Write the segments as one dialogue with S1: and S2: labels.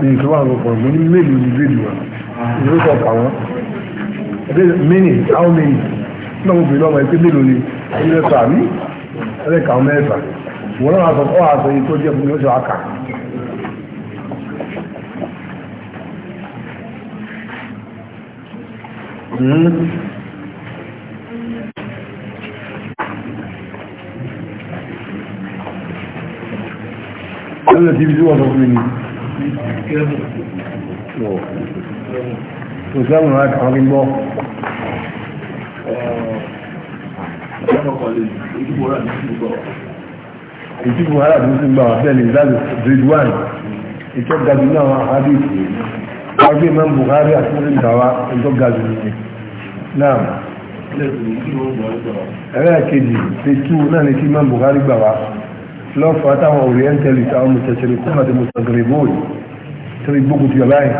S1: ní ìtura àwọn ọkọ̀ mo ní mélòó ní rédíò wa ìlú sọ àwọn mini how many náà mo bèèrè ọmọ ẹgbẹ́ mélòó ni ilé ẹ̀ka mi ẹlẹ́ka ọmọ ẹ̀fà wọn náà sọ ọ́ àṣọ yìí tó jẹ́ fún mi ó ṣe àkà. Mm-hmm. lọ́nà tí ibi tí wọ́n sọ fún mi ni kò sáàmù láti àwọn kí n gbọ́ ìdíbò ara tó ti gbà wàfẹ́ lè láti grade 1 ìtọ́ gajù náà wà ábí ọgbẹ́ ìmọ̀ Buhari àti mọ́lẹ̀ ìdáwà ìtọ́ gajù náà ẹ̀rẹ́ kejì pé 2 náà ní kí ìmọ̀ Buhari gbà wá lọ́fà táwọn orientalist àwọn mùsàtìrì kún àti mùsàgìrìbóòlì torí gbógun ti bàbá yẹn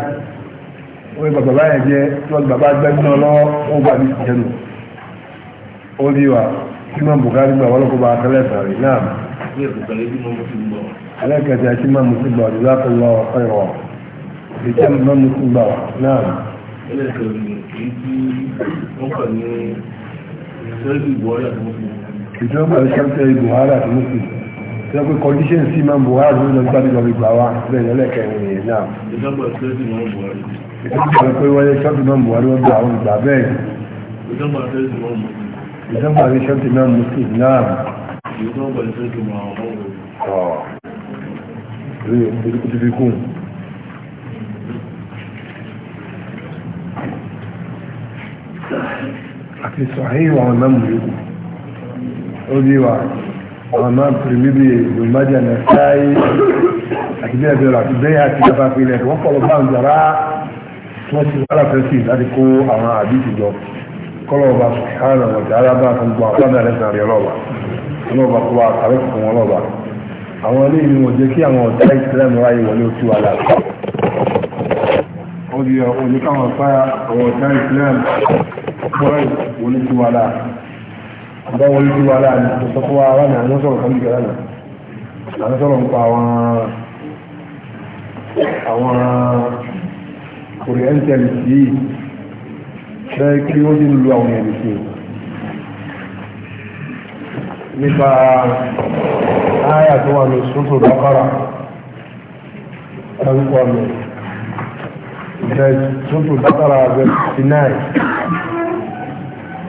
S1: ó yẹ bàbá yẹn jẹ tí wọn bàbá gbẹgbẹ lọ́wọ́ ó gbà ní ìjẹnu ó ní wa imam bukari gba wọlọpọ bá akẹlẹ sàrí náà alẹ́kẹ̀tẹ̀ àti imam muslim bá ọdún láti lọ ọ̀pẹ́ wọ ìjẹ́ imam muslim bá wà náà. ẹlẹ́kẹ̀ẹ́ èyí tí wọ́n kà ní sẹ́ẹ̀lì buhari àti muslim. ìjọba ìṣẹ́ńtẹ̀ buhari sọ pé condition sí máa ń bọ̀ wáyà lórí lọ́gbà nígbà gbígbà wa lẹ́yìn ẹlẹ́kẹ̀rin yìí náà. ìjọba tẹ́sí máa ń bọ̀ wáyà. ìjọba pé wọ́n yẹ ṣọ́ọ̀tì máa ń bọ̀ wáyà lọ́gbà àwọn ìgbà bẹ́ẹ̀. ìjọba tẹ́sí máa ń bọ̀ wáyà. ìjọba rí ṣọ́ọ̀tì máa ń mùsùlùm náà. ìjọba tẹ́sí máa ń ti fi kún. àti sọ̀hìn àwọn máa ń pèrè níbi ìgbìmọ̀jà náà sáyé àti bẹ́ẹ̀ bẹ́ẹ̀ àti bẹ́ẹ̀ àti bàbá pínlẹ̀ wọ́n kọ́ lọ bá ń jàrá wọ́n ti wá láfẹ́ sí láti kó àwọn àdìsí jọ kọ́lọ̀ ọba sùkárà ọ̀jà arábá tó ń gbọ́ àpáná ẹ̀lẹ́sìn àrí ọlọ́ọ̀bà ọlọ́ọ̀bà kó wa àtàrí fún wọn lọ́ọ̀bà àwọn ilé ìlú wọn jẹ́ kí àwọn ọ̀tá ìsìlẹ̀mù ráyè wọlé oṣù wa lára ó di ọ̀pọ̀ ọ̀dọ́ wọn lójú wa láàrin tó sọ fún wa wá ní àwọn sọ̀rọ̀ kan jù lánàá àwọn sọ̀rọ̀ ń pa àwọn àwọn oriental yìí bẹ́ẹ̀ kí wọ́n ti lu àwọn ẹ̀rì sí nípa áyà tó wà ní sọ́tò lọ́kọ́ra ẹ̀rù pọ̀ mi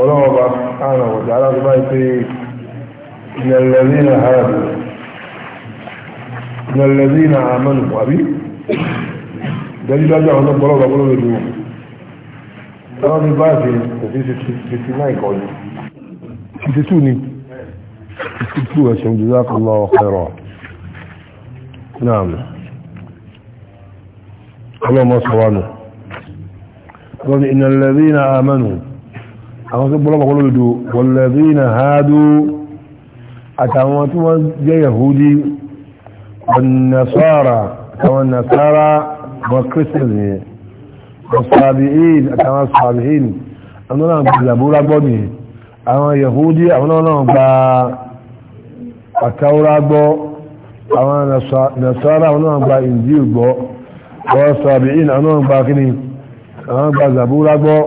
S1: ọlọ́wọ́ bá sánà wọ̀dá alágbà pé ìnàlẹ́lẹ́nà ààbò ìnàlẹ́lẹ́nà àmọ́nù wàbí dájúdájú àwọn ọgbọ́lọ́gbà gbọ́lọ́gbà dùn ọ̀rọ̀ ní báyìí kò sí 59 kọ́ ní 52 ni 52 ẹ̀ṣẹ̀ ìjọba kan lọ ọ̀pẹ̀rọ̀ náà ọlọ́mọ sọ wánu ọlọ́ni ìnàlẹ́lẹ́nà àwọn tó gbọ́lọ́pàá kọ́ lódò walladhina hadu àtàwọn tí wọ́n jẹ́ yahudi wan nasara àwọn nasara wọn christian yẹn wọn sàbíìn àtàwọn sàbíìn àwọn náà gba ìlàbúrà gbọ́ ni àwọn yahudi nasara àwọn náà gba injil gbọ́ wọn sàbíìn àwọn náà àwọn gba ìlàbúrà gbọ́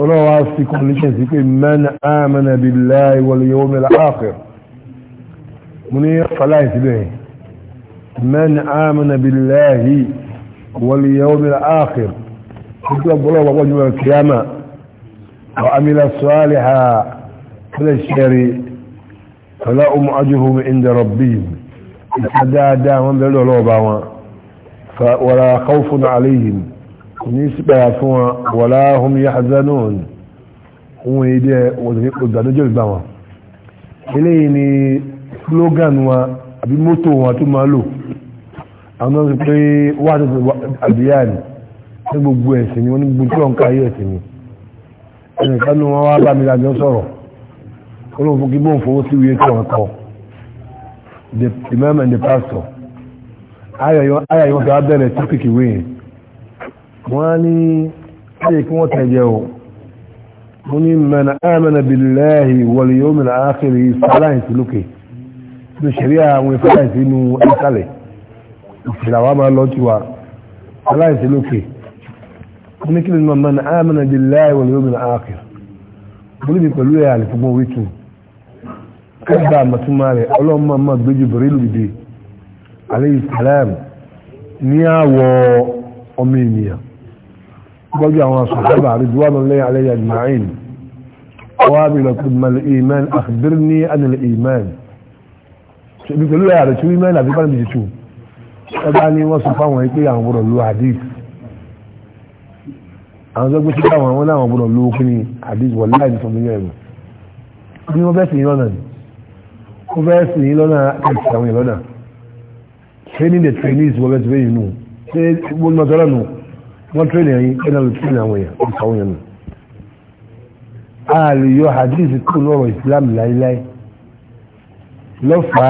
S1: ولواسكم لكي سيكون من آمن بالله واليوم الآخر مني صلاة به من آمن بالله واليوم الآخر قلت رب الله وقال الكيامة وعمل الصالحة كل الشري فلا أمعجهم عند ربهم إذا دا دا من ولا خوف عليهم nísìpẹ̀ fún wọn wala hum yahzanun ohun èdè òdàdójọ́ ìgbà wọn eléyìí ni slogan wọn àbí mọ́tò wọn tó máa lò àwọn náà sọ pé wà tó àbíyá ni ní gbogbo ẹ̀sìn ni wọ́n ní gbogbo tí wọ́n ká ayé ẹ̀sìn ni ẹnìkan ní wọ́n wá bá mi lájọ́ sọ̀rọ̀ olóhùn fún sí wíyé tí wọ́n kọ́ the imam and the pastor ayọ̀ yọ ayọ̀ wá bẹ̀rẹ̀ topic ìwé wọ́n ní ṣe kí wọ́n tẹ̀jẹ̀ o mú ní mẹ́nà ámẹ́nà billahi wal yawmil akhir sáláìsì lókè ní ṣẹ̀ríà àwọn ìfẹ́láìsì inú ìsàlẹ̀ ìfìlàwà máa lọ tiwa sáláìsì lókè mú ní kí ni mẹ́nà ámẹ́nà billahi wal yawmil akhir mú níbi pẹ̀lú ẹ̀ àlìfọ́gbọ́n wíkì kẹ́gbà àmàtúmá gbọ́jọ́ àwọn sọ̀tọ́bà rí duwánà lẹ́yìn alẹ́yà jùmáìn wà bí lọ kùdùmà ìmán àkùdírí ní ànìlẹ̀ ìmán ṣebí pẹ̀lú ẹ̀yà rẹ̀ tí ó ìmán àbí bánibí jù ẹgbá ní wọ́n sọ fáwọn pé àwọn gbọ́dọ̀ lo hadith àwọn sọgbé tí káwọn wọn láwọn gbọ́dọ̀ lo kí ni hadith wọ̀ láì sọ mí yẹn ni wọ́n fẹ́ lọ́nà ni wọ́n fẹ́ lọ́nà àti àwọn ìlọ́nà training the trainees wọ́n fẹ́ wọ́n lọ wọ́n tẹ́lẹ̀ yìí ẹ̀nà lè tẹ́lẹ̀ àwọn èèyàn ìkàwọn èèyàn náà a lè yọ hadith kú lọ́rọ̀ Islam láíláí lọ́fà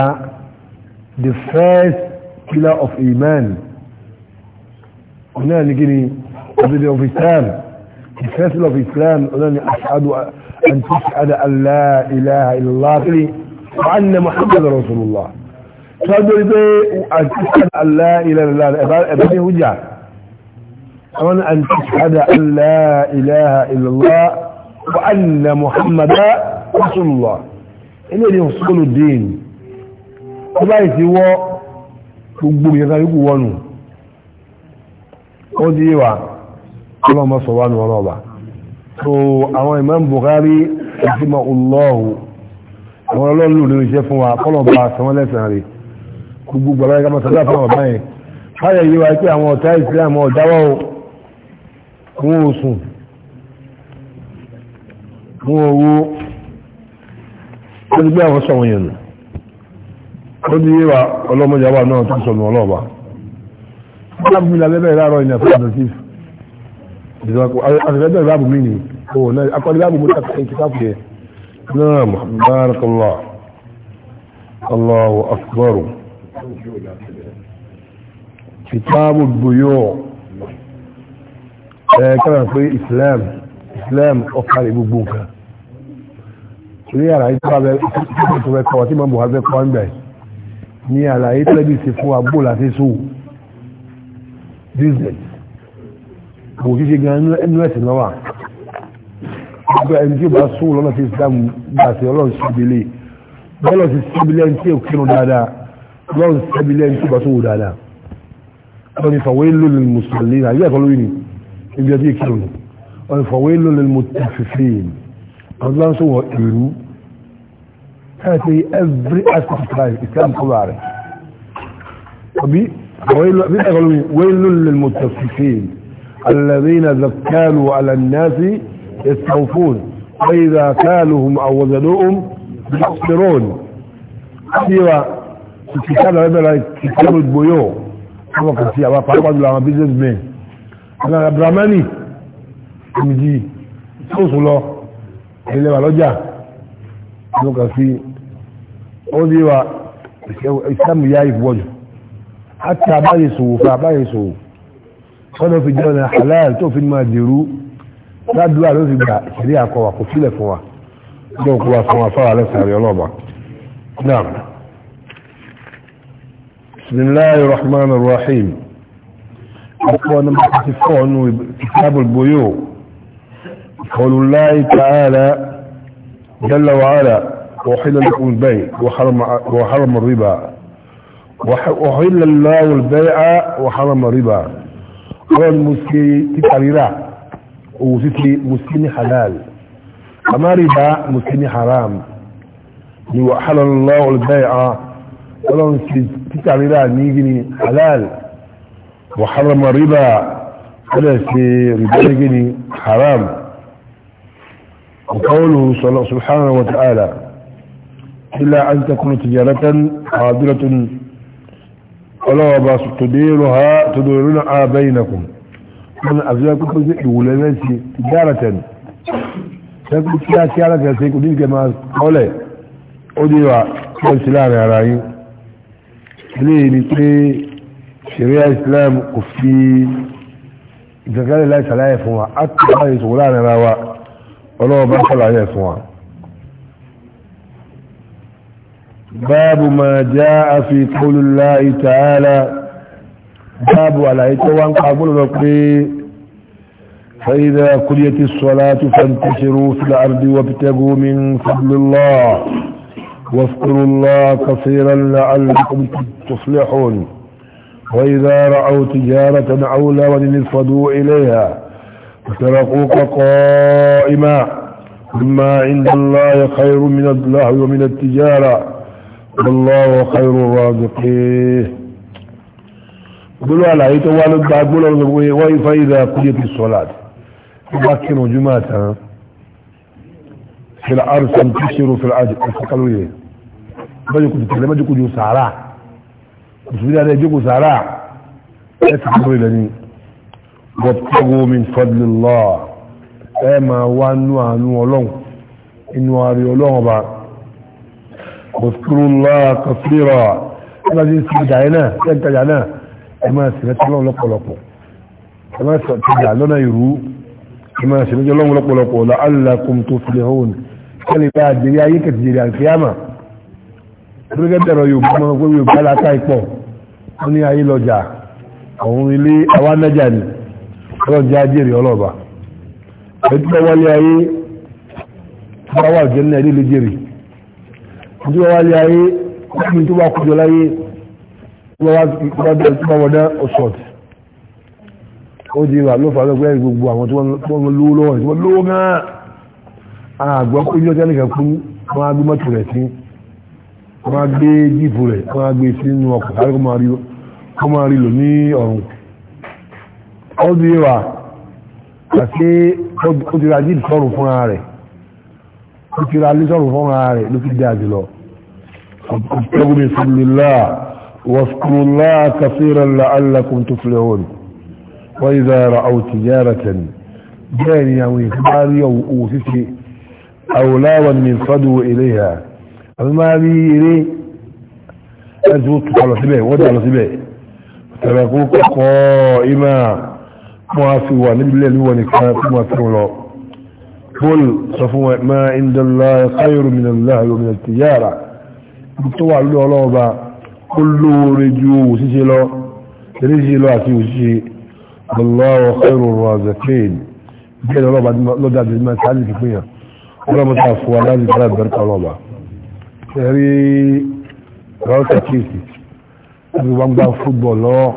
S1: the first killer of iman ọ̀nà ní gíní ọ̀dọ̀dẹ̀ of Islam the first pillar of Islam ọ̀nà ní aṣáájú àti aṣáájú Allah ilaha illallah kiri wa anna Muhammad rasulullah tọ́jú pé àti aṣáájú Allah ilaha illallah ẹ̀bá ní hujja وأن أن تشهد أن لا إله إلا الله وأن محمدا رسول الله إن إليه أصول الدين ọba ìsíwọ́ gbogbo ìyẹ̀ká yóò wọnù ó dí wà ọlọ́mọ sọ̀wánù ọlọ́ọ̀bà so àwọn Imam Bukhari ìsímọ̀ ọlọ́ọ̀hù àwọn ọlọ́ọ̀lù lórí iṣẹ́ fún wa kọ́lọ̀bà sọmọ́ lẹ́sàn rí gbogbo gbàgbà ẹgbẹ́ fún ọ̀bá yẹn báyẹ̀ yíwa pé àwọn ọ̀tá ìsìlámù ọ̀dáwọ́ wọn ò sùn wọn ò wo wọ́n ti gbé àwọn sọ̀wọ́n yẹn nù ó ní yíwa ọlọ́mọdé àwọn náà tó sọ̀nù ọlọ́ọ̀bá láàbùmí la lẹ́bẹ̀ẹ́ láàárọ̀ ìyẹn fún adọ́síf àtẹ̀lẹ́bẹ̀ẹ́ láàbùmí ni ó náà akọ́ni láàbùmí tó kàkẹ́ kí káfù yẹ náà barakallah Allahu akbar kitabu buyoo ẹ kára pé islam islam ọkàlẹ̀ gbogbo nǹkan ní àlàyé tó bẹ tó bẹ kọ́ tí mọ́mù wáfẹ́ kọ́ ń bẹ̀ ní àlàyé tẹ́lẹ̀bí sí fún agbó láti sọ business kò ṣíṣe gan inú ẹ̀sìn lọ́wà gbogbo ẹni tí ó bá sún lọ́nà sí islam gbàtí ọlọ́run síbílé bọ́lọ̀ sí síbílé tí ó kírun dáadáa ọlọ́run síbílé tí ó bá sún wò dáadáa ọlọ́run ìfàwé lónìí mùsùlùmí àyíkà kan ni ibi ẹbí kí lónìí ọ̀rẹ́ fọ̀wé ló lè mú tẹ̀fẹ̀fẹ̀ ọdún sọ wọ ìlú káàkiri every aspect of life ويل للمتففين الذين ذكالوا على الناس يستوفون وإذا كالهم أو وزنوهم يخسرون سيوا كتاب هذا كتاب البيوع طبقا سيوا طبقا لما بيزنس مين ọ̀nà abdulhamani omijì sóòsù lọ ilẹ̀ wà lọ́jà ló kà sí ó dé wa ìsàmù yá ìfọwọ́jù àti àbáyé sòwò fún àbáyé sòwò kọ́nà fi jẹ́ ọ̀nà halal tó fi máa dèrú ládùúgbà ló fi gbà ìṣẹ̀lẹ̀ àkọwà kò sílẹ̀ fún wa ọjọ́ òkú wa fún wa fáwọn alẹ́sàrẹ́ ọlọ́ọ̀bà náà بسم الله الرحمن الرحيم أقوى نمحة 54 كتاب البيوع قول الله تعالى جل وعلا وحل لكم البيع وحرم, وحرم الربا وحل الله البيع وحرم الربا قال المسكي تتعريرا وزيتي مسكين حلال أما ربا مسكين حرام وحل الله البيع قول المسكي تتعريرا نيجني حلال وحرم الربا هذا في ربا حرام وقوله صلى سبحانه وتعالى إلا أن تكون تجارة حاضرة ولا باس تديرها تديرنا بينكم من أفزاكم في ولناس تجارة تكون فيها تجارة سيكون دي جماعة قولي أديرها كل سلام يا رأي ليه ليه شريعه الاسلام قفي اذا قال لا تلايف هو اكبر يقولان ما هو ولو بخل عليه سواء باب ما جاء في قول الله تعالى باب على ايتوان قابل ربي فإذا قليت الصلاة فانتشروا في الأرض وابتغوا من فضل الله واذكروا الله كثيرا لعلكم تفلحون وإذا رأوا تجارة أو لون انفضوا إليها وتركوك قائما مما عند الله خير من الله ومن التجارة والله خير الرازقين قلوا على عيت والد قلوا وإذا فإذا قضيت الصلاة تبكنوا جماعتها في الأرض انتشروا في العجل قالوا إيه ما يكون تتكلم ما يكون يسارع mùsùlùmí dáadáa ìjókòó sàárà ẹ ti kúrò ilẹ̀ ni wabtagu min fadlillah ẹ e máa wá nú àánú ọlọ́run inú ààrẹ ọlọ́run ọba wazkurullah kathira ẹ máa ti ń sin ìdáyé náà ẹ ń tajà náà ẹ máa sì rántí ọlọ́run lọ́pọ̀lọpọ̀ ẹ e máa sì tajà lọ́nà ìrú ẹ e máa sì rántí ọlọ́run lọ́pọ̀lọpọ̀ la'allakum tuflihun kẹ́lẹ́ bá a jẹ́rí ayé kẹ̀tì jẹ́rí àkíyàmà lórí kẹ́tẹ̀rọ yorùbá máa ń pẹ́ yorùbá láká ìpọ̀ wọ́n ní ayé lọ́jà àwọn ilé awánájà ni ọlọ́jà ajẹ́rì ọlọ́ba ẹ̀dúgbọ́ wálé ayé bá wà jẹ́ ní ẹ̀dí lè jẹ́rì ẹ̀dúgbọ́ wálé ayé kọ́kùnrin tó bá kọjọ láyé wọ́n bá wọ́dá ọ̀sọ̀t ó di ìwà ló fà lọ́gbẹ́ gbogbo àwọn tí wọ́n lówó lọ́wọ́ tí wọ́n lówó kó máa rí lò ní ọ̀run ó di wà àti ó ti ra jíìdì sọ́rùn fúnra rẹ̀ ó ti ra lé sọ́rùn fúnra rẹ̀ ló fi dáa jùlọ ọ̀pọ̀lọpọ̀ ìsìnlélá wàsùkúrúlá kàfíìrà la'allakum tuflihun wọ́n yìí dára àwòtí yára tẹ̀lé bẹ́ẹ̀ ni àwọn ìfipárí òwò ṣíṣe àwòláwà ní fọ́dù ilé ha àbí máa rí eré ẹ̀sùn tó kọlọ̀ síbẹ̀ wọ́n dà lọ síbẹ̀ تركوك قائما موافوا نبلل ونكاف وفرلو قل صفوا ما عند الله خير من الله ومن التجارة بطوع له لوبا كل رجو سجلو رجلو أتيوشي الله خير الرازقين بين لوبا لودا بما تعلم فيها ولا متعفوا بركة لوبا àbí wọ́n gba fútbọ̀ lọ́wọ́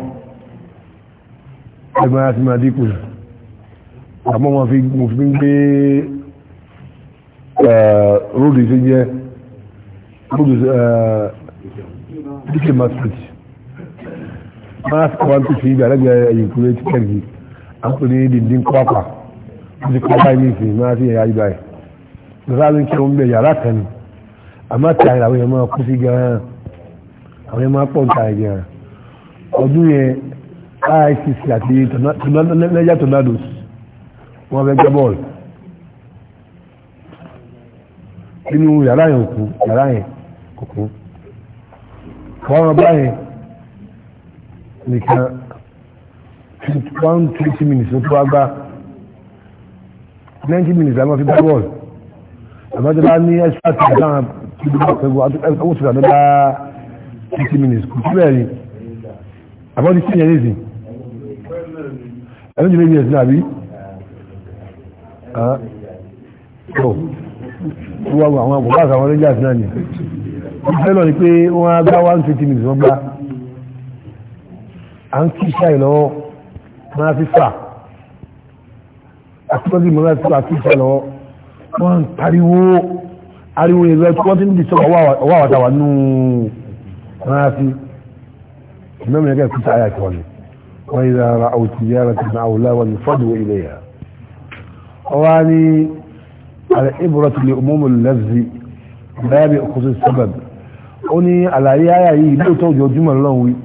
S1: ẹgbẹ́ láti máa dínkù àmọ́ wọn fi mo fi ń gbé eh, róòdù tó jẹ́ róòdù eh, dk masjid masjid one two three bí alẹ́gbẹ̀ẹ́ ẹ̀yìn kúrẹ́ ti kẹ́rì à ń pè ní dìndín kọ́pà ó ti kọ́pà ní ìsìn máa fi ẹ̀yà ibà yìí lọ́sàá ló ń kí wọn bẹ̀ yàrá kan ní àmọ́ àti àyàwó yẹn máa kú sí gan-an àwọn ẹmọ pọ̀ nǹkan ẹ̀jẹ̀ rẹ̀ ọdún yẹn ICC àti Niger Tornadoes wọ́n fẹ́ gbẹ́ bọ́ọ̀lù nínú yàrá yẹn òkú yàrá yẹn kòkó wọ́n rán báyẹn nìkan one twenty minutes ló tó wá gbá ninety minutes la máa fi gbá bọ́ọ̀lù àmọ́ tí wọ́n bá ní extra time láwọn tí wọ́n bá fẹ́ gbọ́ àwọn tí wọ́n bá fifty minutes kò sílẹ̀ rí àbọ̀dí sí ìyẹn nìsín ẹ̀rọ ìjìnlẹ̀ yẹn sílẹ̀ àbí tó wọ́n wọ àwọn àbúrò àtàwọn rangers náà ni ìfẹ́ lọ ni pé wọ́n á gbá one fifty minutes wọ́n gbá à ń kí iṣẹ́ ìlọ́wọ́ máa fi fà àtúntò ìmọ̀lá ti fà kí iṣẹ́ ìlọ́wọ́ wọ́n ń pariwo ariwo ìrẹ́ tí wọ́n ti ń di sọ́kọ̀ ọwọ́ àwàtàwà nù rafi imam ya ga kusa aya ki wani wa idza ra'aw tijaratan aw lawan fadu ilayha awani ala ibratu li umum al-lafz babi khusus sabab oni àlàyé aya yìí ló tó jojuma lohun wí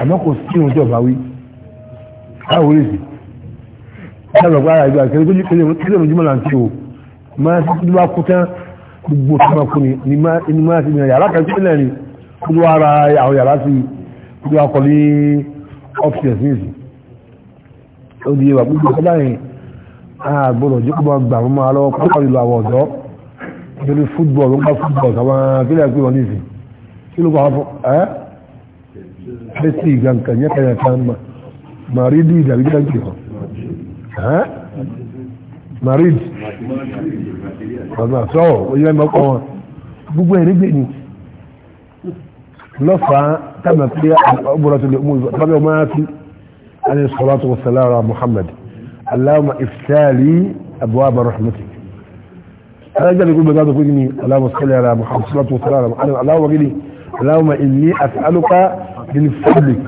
S1: àmọ́ kò sí ohun tí ọba wí báwo lè sì ẹ̀rọ gba ara ìgbà kẹrin tó jí kẹrin tó jí mọ́lá tí ó máa ti tó bá kú tán gbogbo tó máa kú ni máa ti ní ọ̀yà alákàtúntì lẹ́rìn kúrò ara àwọn yàrá sí kúrò akọ ní upstairs nísì ó di ìwà gbogbo ọ̀pọ̀ báyìí àgbọ̀dọ̀ jẹ́ kó máa gbà wọ́n máa lọ́wọ́ pàápàá ìlú àwọn ọ̀dọ́ nítorí fútbọ̀l ló ń bá fútbọ̀l sáwọn akílẹ̀ pé wọ́n nísì kí ló bá wọ́n fọ́ ẹ́ fẹ́sì ìgbàǹkan yẹ́ kẹyà kan mà màrídì ìdàbí dáńkì kan ẹ́ màrídì ọ̀nà wọn gbogbo ẹ̀rí gbè ní لفع تم فيها أبرة الأمور طبعا ما في عليه الصلاة والسلام على محمد اللهم افتالي أبواب رحمتك أنا جاء يقول بذلك قلني اللهم صل على محمد صلى الله عليه وسلم اللهم قلني اللهم إني أسألك من فضلك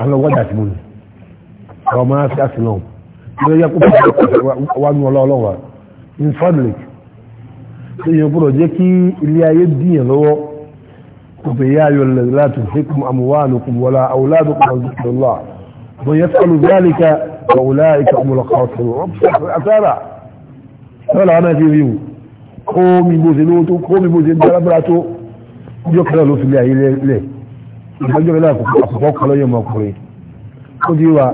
S1: أنا وجعت مني وما في أسلام إذا يقول وأن والله الله من فضلك يقول جاكي اللي يدين لو يا أيها الذين لا تلهكم أموالكم ولا أولادكم عن ذكر الله من يفعل ذلك فأولئك هم الخاسرون أثارا فلا أنا في ريو قومي بوزنوتو قومي بوزن دلبراتو يكرا في الله إليه ìgbẹ́jọ́ ilẹ̀ àkọ́kọ́ lọ́yẹ̀ ọmọkùnrin ó di wà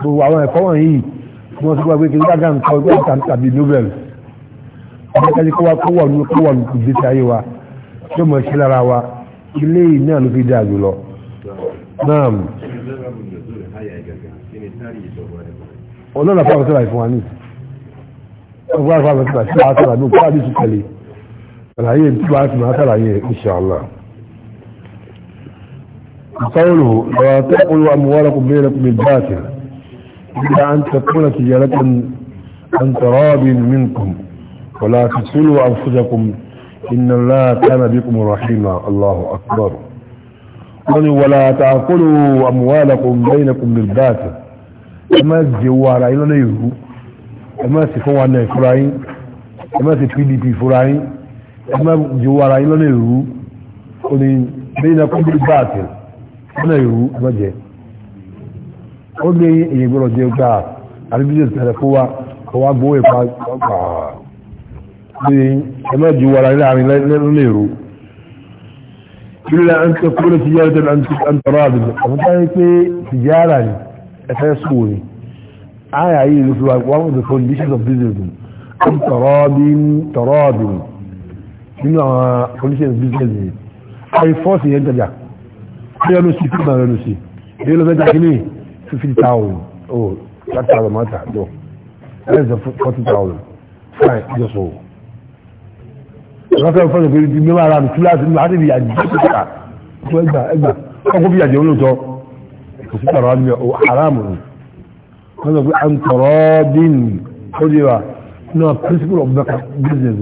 S1: gbogbo àwọn ẹ̀kọ́ wọ̀nyí wọ́n ti gbàgbé kí gbàgbà ń kọ́ ẹgbẹ́ ìtàn tàbí nobel ọmọkẹ́ni kó wà kó wà ní kó wà ní kùdí ayé wa yóò mọ̀ sí wa ilé iná ló fi dáa jùlọ náà ọlọ́nà fáwọn sọ́ra ìfún wa ní ọgbọ́n fáwọn sọ́ra sí àwọn sọ́ra ní òkú àdìsí tẹ̀lé àlàyé tí wàá sì máa sàlàyé ìṣàlá ìtọ́wòlò lọ́wọ́ tẹ́kùn wa mú wọ́lọ́kùn bẹ́ẹ̀rẹ̀ kùn bẹ́ẹ̀tì إلا أن تكون تجارة عن تراب منكم ولا تسلوا أنفسكم إن الله كان بكم رحيما الله أكبر ولا تأكلوا أموالكم بينكم بالباطل أما الزوارة إلا نيهو أما سفوانا فراين أما سفيدي فراين أما الزوارة إلا نيهو قولين بينكم بالباطل نيهو أما جاء قولين يقولوا جيوكا عربية التلفوة هو أبوه فاق ni ẹmọ́ ju wà láàrin lẹ́rọ ilẹ̀ an tẹ́ kúrò tijara tẹ́lẹ̀ an tọrọ àbìlẹ̀ àmúta yí pé tijara ni ẹ̀fẹ́ sùwò ni àyà yìí ló fi wà one of the conditions of business an tọrọ bí n tọrọ àbìlẹ̀ nínú àwọn conditions of business ni àyè fọ́ọ̀sì yẹn tẹ̀jà bí ẹnu sí fún àwọn ẹnu sí èyí ló fẹ́ jà kíní fifty thousand oh that fine just so wọ́n fẹ́ fọ́nà pé ní máa ra nìtú láti máa ní ìyàjẹ́ pípa fún ẹgbà ẹgbà ọkọ̀ bí ìyàjẹ́ olóòtọ́ kò sí tàrà ní haramu wọ́n sọ pé à ń tọ̀rọ̀ dín ó di wa business principle of business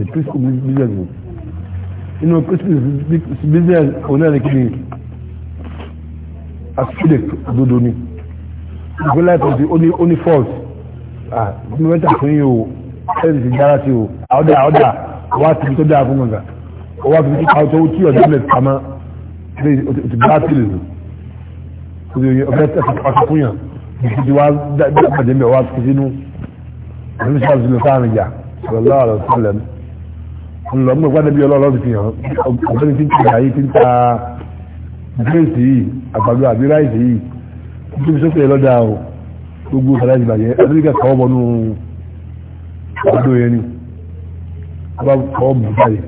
S1: inú principle business òun náà ní kí ni asidik dodo ni ìgbélé ẹ̀kọ́ ti ó ní fault ah mo mẹ́ta fún yìí o ẹ̀rì ti dára sí o àọ́dà àọ́dà wá síbi tó dáa fún gbọ̀ngàn ó wá síbi tó ká tó tí ọ̀dọ́ ilẹ̀ pamọ́ ilé ti bá tìlì lò o ti ọ̀fẹ́ tẹ̀sí pàṣẹ fún yàn kí ti wá O mẹ́ wá sí O àti sáà sílẹ̀ sáàrin jà sallallahu alaihi wasallam ńlọ mú ìpàdé bí ọlọ́ọ̀lọ́ ti fi hàn ọ̀gbẹ́ni tí ń ta ayé tí ń ta gírèsì yìí àgbàdo àbí ráìsì yìí tí ó fi sókè lọ́dà o gbogbo sàlẹ̀ ìbàjẹ́ amẹ́ríkà kọ́ bọ́nú ọdún yẹn ni bá kọ́ bù báyìí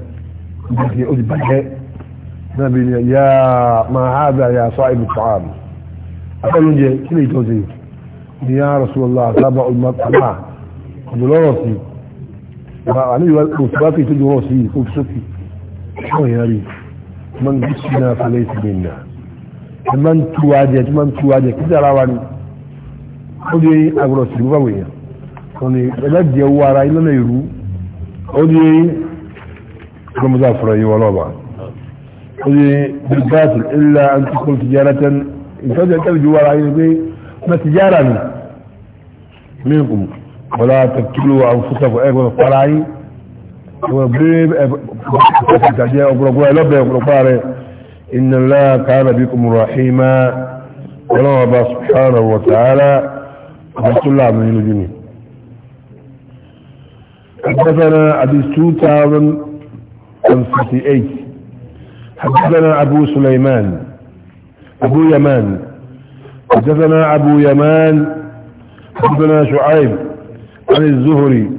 S1: nígbàtí ó ti bàjẹ́ náà bí yá máa ha bá yà sọ ibi tọ́ àmì akọ́lóúnjẹ kí lè tọ́ sí ni yá Rasulullah sábà olùmọ̀kànlá òjòlọ́rọ̀ sí àní ìwà òṣùbákì tó jọrọ̀ sí òṣùsókì ṣọ́ọ̀ yẹn rí man gíṣì náà falẹ̀ ìsìnkú náà ẹ máa ń tu ajẹ tí máa ń tu ajẹ kí sára wa ni ó di agbọ̀rọ̀ sí ìlú báwo yẹn wọn ni ẹgbẹ́ jẹ owó ara ilé náà ìrú أولي المضافرة والوضع أولي بالباطل إلا أن تكون تجارة تجعل عينه بي ما تجارة منكم ولا تقتلوا أنفسكم أيكم القرعي إن الله كان بكم رحيما ولو أبا سبحانه وتعالى رسول الله من الجنين حدثنا أبي 2058 حدثنا أبو سليمان أبو يمان حدثنا أبو يمان حدثنا شعيب عن الزهري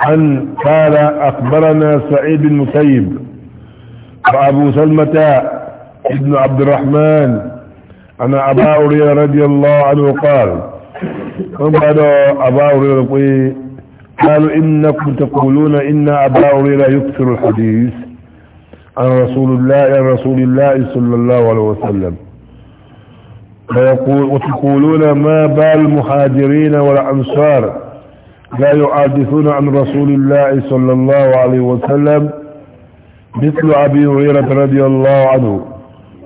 S1: عن قال أخبرنا سعيد بن المسيب وأبو سلمة ابن عبد الرحمن أن أبا أوريا رضي الله عنه قال وقال أبا عنه قالوا إنكم تقولون إن أبا هريرة يكثر الحديث عن رسول الله عن رسول الله صلى الله عليه وسلم ويقول وتقولون ما بال المهاجرين والأنصار لا يحدثون عن رسول الله صلى الله عليه وسلم مثل أبي هريرة رضي الله عنه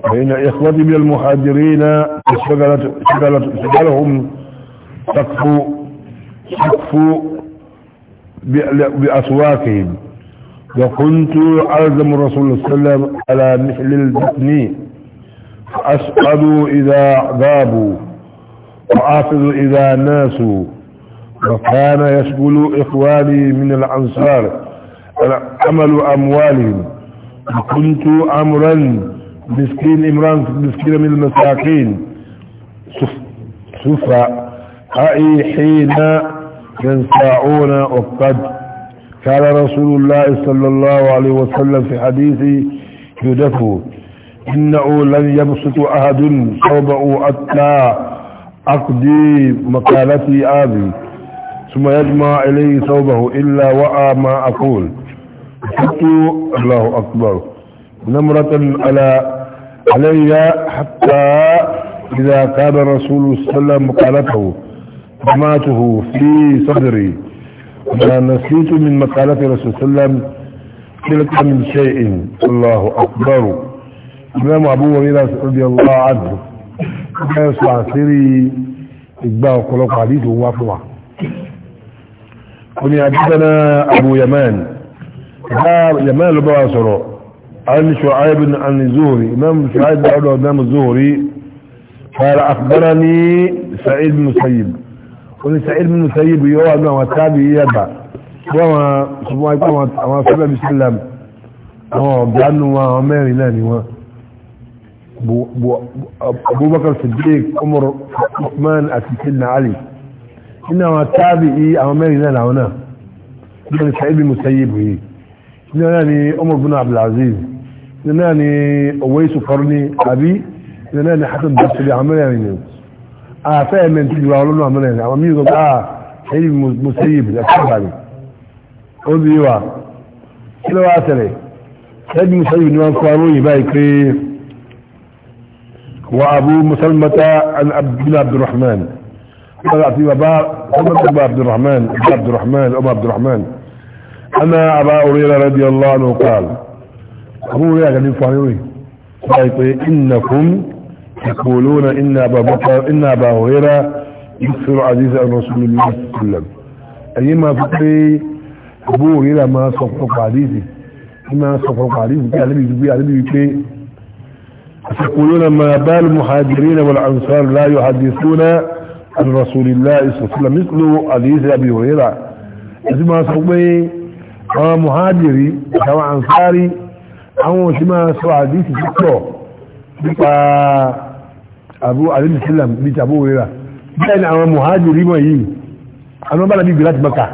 S1: فإن إخوتي من المهاجرين شغلت شغلت شغلهم سقفوا سقف بأسواقهم وكنت ألزم الرسول صلى الله عليه وسلم على مثل البطن فأسأل إذا غابوا وأحفظ إذا ناسوا وكان يشغل إخواني من الأنصار عمل أموالهم وكنت أمرا مسكين إمران مسكين من المساكين سفر أي حين ينسعون وقد قال رسول الله صلى الله عليه وسلم في حديث يدفو إنه لن يبسط أحد صوبه حتى أقضي مقالتي آبي ثم يجمع إليه صوبه إلا وأى ما أقول حتى الله أكبر نمرة على علي حتى إذا كان رسول الله صلى الله عليه وسلم مقالته رماته في صدري ما نسيت من مقالة رسول الله صلى الله عليه وسلم تلك من شيء الله أكبر إمام أبو هريرة رضي الله عنه كان يصلع سيري إجباء قلوب حديثه وواقع كني حدثنا أبو يمان قال يمان لبواسر عن شعيب عن الزهري إمام شعيب بعده أمام الزهري قال أخبرني سعيد بن سيب ونسعير من نسيب يوم وتابي يبا وما سبوا يقوم وما سبب بسلم بأنه ما ماري لاني أبو بكر صديق عمر عثمان أسلنا علي إنه وتابي إيه أما ماري لاني هنا ونسعير من نسيب إنه يعني عمر بن عبد العزيز إنه يعني أويس فرني أبي إنه يعني حسن بسلي عمر يعني اه فاهم انت اللي بقوله له عمال يعني مسيب الاكل بعد قول ايوا كده واسل ايه مسيب ان هو قانوني كريم وابو مسلمة عن عبد الرحمن طلع في بابا ابو عبد الرحمن عبد الرحمن ابو عبد الرحمن انا ابا هريره رضي الله عنه قال ابو هريره قال لي انكم يقولون إن أبا بكر إن أبا هريرة يكثر عزيز عن رسول الله صلى الله عليه وسلم أيما فقري أبو هريرة ما صفحك عزيزي ما صفحك عزيزي بي على بي على بي يقولون ما بال المهاجرين والأنصار لا يحدثون عن رسول الله صلى الله عليه وسلم مثل عزيز أبي هريرة أيما صفحك àwọn مهاجري أو أنصاري أو òṣìmá sọ عزيزي púpọ̀ abu alayhi sallam bi tabu wera bẹ́ẹ̀ni àwọn muhajiri mọ̀ yìí àwọn bára bí gbìláti maka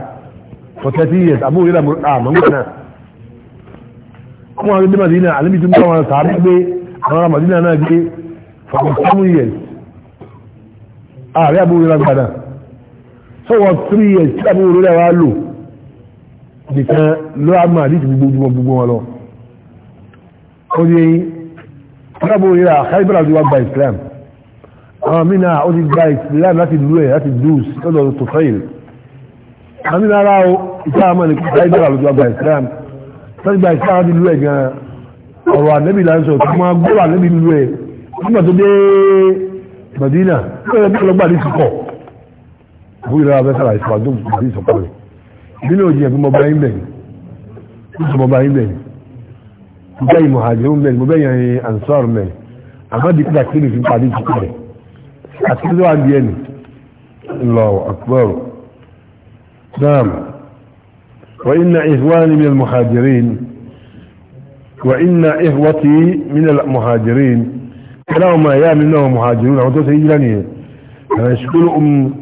S1: for thirty years abu wera àmọ́ ah, náà kuma àwọn dìmọ̀ dìna alibi tún bá wọn sàárì gbé àwọn ará náà gbé for 7 years ààrẹ ah, abu wera gbada so wọ́n three years tí abu wera wá lò nìkan ló á máa dìtì gbogbo gbogbo wọn lọ ó di ẹyin abu wera káyí bára ti wá gba islam àwọn mínà ó ti gba ìsìláàmù láti lú ẹ̀ láti dùs lọ́dọ̀ tó fẹ́yìn àwọn mínà ara ó ìta àmọ́ ní kíkà àlùjọ gba ìsìláàmù láti gba ìsìláàmù láti lú ẹ̀ gan ọ̀rọ̀ ànẹ́bì là ń sọ tó máa gbọ́rọ̀ ànẹ́bì lú ẹ̀ nígbà tó dé Madina lọ́dọ̀ bí ọlọ́gbà ní sùkọ̀ àbúrò ìlera abẹ́ sára ìsọ̀rọ̀ àdó àti ìsọ̀kọ̀ rẹ̀ ìbílẹ̀ òjì ẹ̀fí mọba عن àbíẹ́nì الله اكبر نعم وإن إخواني من المهاجرين وإن إخوتي من المهاجرين كلاهما يا منهم مهاجرون عدو سيجلاني يشكل أم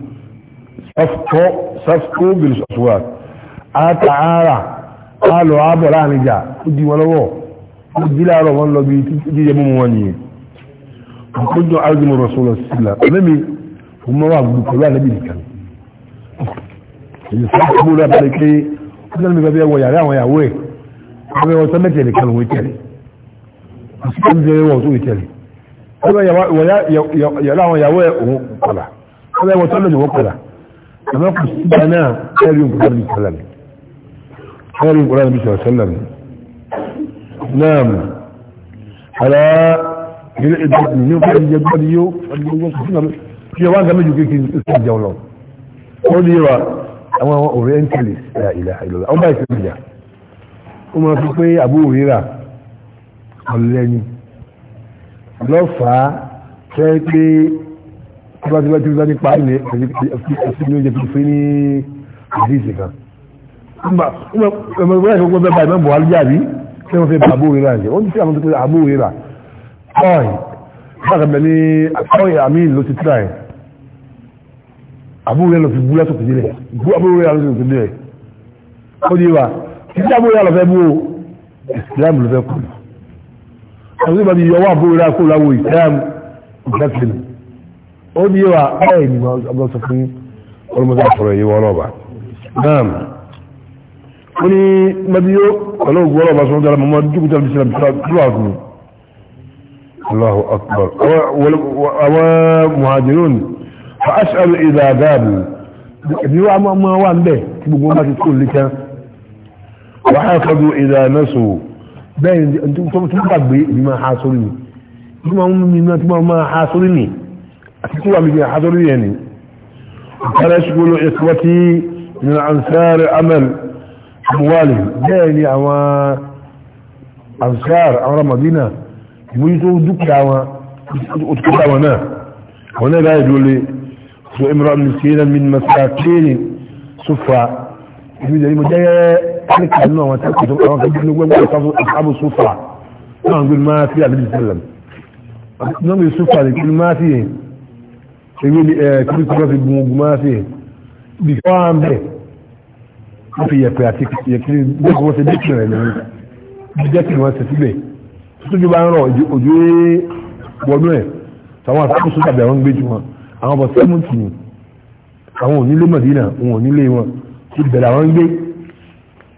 S1: صفقوا صفقوا بالأصوات اتعالى قالوا عبر عن جاء ودي ولو ودي لا رو بيتي بيجي جمو موانيه àkójọ arjúmọ̀ rọ̀sọ́lọ̀ sílá ọlẹ́mi ọmọ wa gbogbo pẹ̀lú àlẹ́bì nìkan èyí sọ́kọ̀ gbogbo rẹ̀ balẹ̀ pé ó dánilẹ́ bẹ́ẹ̀ bẹ́ẹ̀ wọ yàrá àwọn ìyàwó ẹ̀ wọ́n bẹ́ẹ̀ wọ́n sọ mẹ́tẹ̀ nìkan wọ́n tẹ̀lé àsìkò ń jẹ́ wọ́n tó tẹ̀lé wọ́n bẹ́ẹ̀ yàrá àwọn ìyàwó ẹ̀ òun padà wọ́n bẹ́ẹ̀ wọ́n sọ mẹ́tẹ̀ wọ́n padà àmọ́ kò sí ìgbà náà ẹ̀rí nǹkan ní sọ́lá ni ẹ̀rí nǹkan ní sọ́lá ni náà ilé ìdọ̀tí ní ọkọ̀ ìjẹ gbọ́dí yóò ọdún sínú kí ọwá ń gbẹ́mẹ́jù kéèkì ìsìn ìjẹun lọ ó ní wa àwọn orientalist ya ilẹ̀ ìlọ́lá ọba ìsìn ìjà ó máa fi pé àbú òrìrà ọ̀lẹ́ni lọ́fàá fẹ́ pé tíbátíbá tí wọ́n nípa ilẹ̀ ẹ̀sìn ní oúnjẹ fífi ní àdíìsì kan ọmọ ìgbọ́dọ̀ ìgbọ́dọ̀ bẹ́ẹ̀ bá ìmọ̀ buhari jáde kí wọ́n fẹ́ bá àbú òrìrà jẹ́ wọ́n ti sí àwọn tó pé àbú òrìrà kọ́ì sáàkàbẹ̀ ní kọ́ì amin ló ti tíra ẹ̀ àbúrò lọ fi bú lásòkè nílẹ̀ àbúrò lọ fi bú nílẹ̀ ó ní wa títí àbúrò lọ fẹ́ bú o islam ló fẹ́ kù àwọn ìbàdí yọwọ́ àbúrò lọ kó láwọ islam ìgbàkìlì ó ní wa ẹ̀ ní ọgbọ́n sọ fún ọlọ́mọdé àfọ̀rọ̀ yìí wọ́n ọba náà ó ní mẹ́bí yóò ọlọ́gbọ́n ọlọ́ba sọ́dọ̀ ọlọ́mọdé dúkùtà bísí الله أكبر ومهاجرون فأسأل إذا ذابوا ابنوا ما وان به بقول ما تقول لك وحافظوا إذا نسوا بين انتم تبقى بما حاصلني بما هم ما حاصلني أتكلم بما حاصلني يعني كان يشغل إخوتي من الأنصار أمل أموالهم باين يا أنصار أمر مدينة ìmójútó dúkìá wọn òtútúkà wọn náà wọn náà láì dúró lé so imran miskin min masakin sufa ìbí jẹ́ ìmọ̀jẹ́ kíríkà nínú àwọn tẹ́kì tó àwọn kan gbẹ́gbẹ́ gbẹ́gbẹ́ ìsáàbù sufa náà gbé máa fi àdébí sẹ́lẹ̀m náà gbé sufa ní kí máa fi ewé kíríkà fi gun ogun máa fi bí kọ́ à ń bẹ̀ wọ́n fi yẹ̀pẹ̀ àti yẹ̀kiri gbẹ́gbẹ́ wọ́n ti dẹ́kì rẹ̀ lẹ́yìn dẹ́kì wọ́n ti síbẹ̀ tójú bá ń rọ òjò wọnú ẹ̀ tàwọn àtàkùsù tàbí àwọn gbé jù wọn àwọn bọ̀ sẹ́mùtì ni àwọn onílé Mọ̀dínà wọn onílé wọn ti bẹ̀rẹ̀ àwọn gbé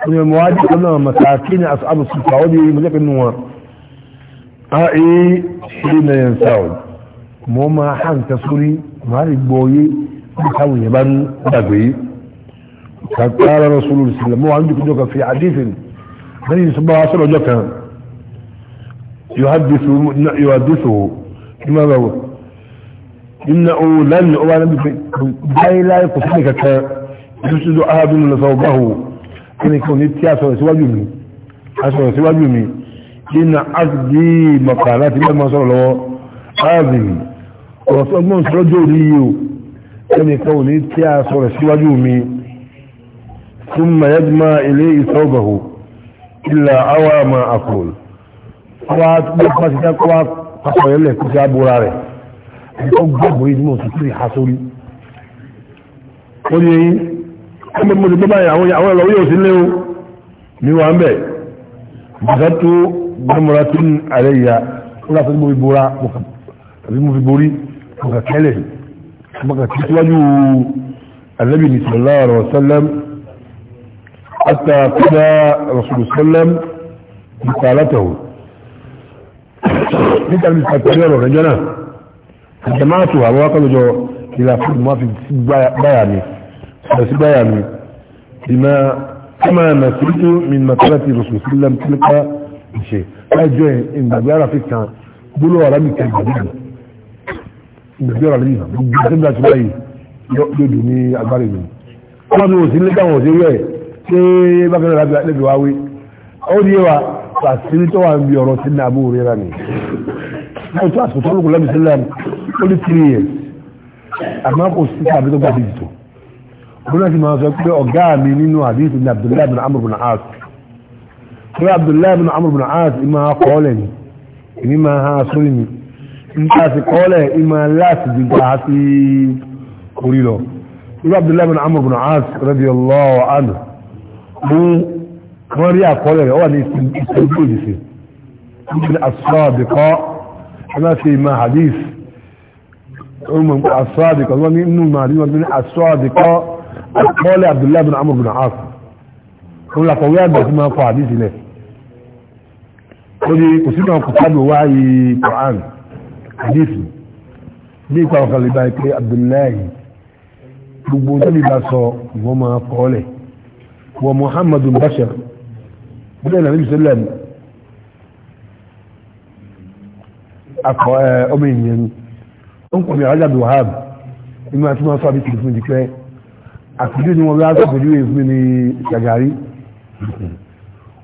S1: ní ọmọ wájú kan náà màtàkì ní àbùsù tàwọn ní mọ̀jẹ́pẹ̀ nù wọn a èé ṣe na yẹn sáwọn mọ́ máa hàn tẹ́ sórí máa rí gbọ́ yé bí táwọn yẹn bá ń dàgbé kàkàrà Rasulullah mọ́ wájú kújọ kan fi àdéfìn lẹ́yìn sọ́bà sọ́lọ́jọ́ kan يحدثه يحدثه كما هو إنه لن أولا بأي لا يقصنك ك يفسد أحد لصوبه أن يكون يتياسر سواجمي أسر سواجمي إن أقضي مقالات ما صلى الله هذه ورسول الله صلى الله أن يكون يتياسر سواجمي ثم يجمع إليه ثوبه إلا أوى ما أقول wá gbọ́dọ̀ ti dákọ́ wá papọ̀ yẹn lẹ̀ kó sí abúra rẹ̀ ẹ̀kọ́ gbàgbọ́ yìí mọ̀ sí tìrì hasori ó ní ẹgbẹ́ mo ti gbọ́ báyìí àwọn ẹ̀rọ yóò sí lé o ní wa ń bẹ̀ bàtà tó gbàmúra tó ní àlẹ́ ìyá ó lásán tí mo fi bora àbí mo fi borí mo kà kẹ́lẹ̀ mo kà kí síwájú النبي صلى الله عليه وسلم حتى قضى رسول الله وسلم مقالته níta ní pàtàkì ọ̀rọ̀ rẹ̀ jọ́nà àjẹmáàtò àwọn akọ́lọ́jọ ìlà fún ma fi báyà mi lọ sí báyà mi ìmọ̀ kọ́mà nà sí tó mi nà tọ́lá ti rọ̀sùn sí lẹ́m tí nípa ìṣe láìjọ ìgbàgbé ara fi kan gbóló ara mi kan ìgbàgbé mi ìgbàgbé ara mi gbogbo àti ìgbà tí wọ́n yìí lódò ní agbára mi. wọ́n mi ò sí lẹ́gbàá wọn ò sí rí ẹ̀ ṣé àṣírí tó wà ń bí ọ̀rọ̀ sí náà bóore rà ní láì tó àṣìkò tó lókun lẹ́bi sílẹ̀ ó lé three years àmọ́ kò sí tàbí tó gbàdé jùtò òun náà sì máa sọ pé ọ̀gá mi nínú àdéhùn ní Abdullahi bin Amr bin As pé Abdullahi bin Amr bin As ìmọ̀ akọ́ọ̀lẹ̀ ni èmi máa ha sórí mi nípa àṣìkọ́ọ̀lẹ̀ ìmọ̀ láti dìgbà sí orí lọ irú Abdullahi bin Amr bin As radiyallahu anhu wọ́n rí àkọọ́lẹ̀ rẹ̀ wà ní ìsìnkú òjìṣẹ́ níbi asọ́àbìkọ́ ẹlẹ́sẹ̀ ìmọ̀ hadith asọ́àbìkọ́ wọ́n ní inú ìmọ̀ hadith wọ́n ní asọ́àbìkọ́ àkọọ́lẹ̀ abdullahi bin amr bin as wọ́n lakọ̀wé àgbà tí máa kọ hadith ilẹ̀ ó ní kò sínú ọkọ̀ sábẹ̀ wá yí quran hadith ní ìpa ọ̀kan lè báyìí pé abdullahi gbogbo tó lè bá sọ ìwọ́n máa kọ́ọ́lẹ̀ wọ muhammadu bashir bẹ́ẹ̀ náà níbi sẹ́lẹ̀ ni akọ ẹ ọmọ ènìyàn ni ó ń pọ̀ ní alájà bí wàhálà ní máa tún máa sọ àbíkì fún ìdípẹ́ àpèjú ni wọ́n bá sọ̀pẹ̀jú èyí fún mi ní ṣàgàrí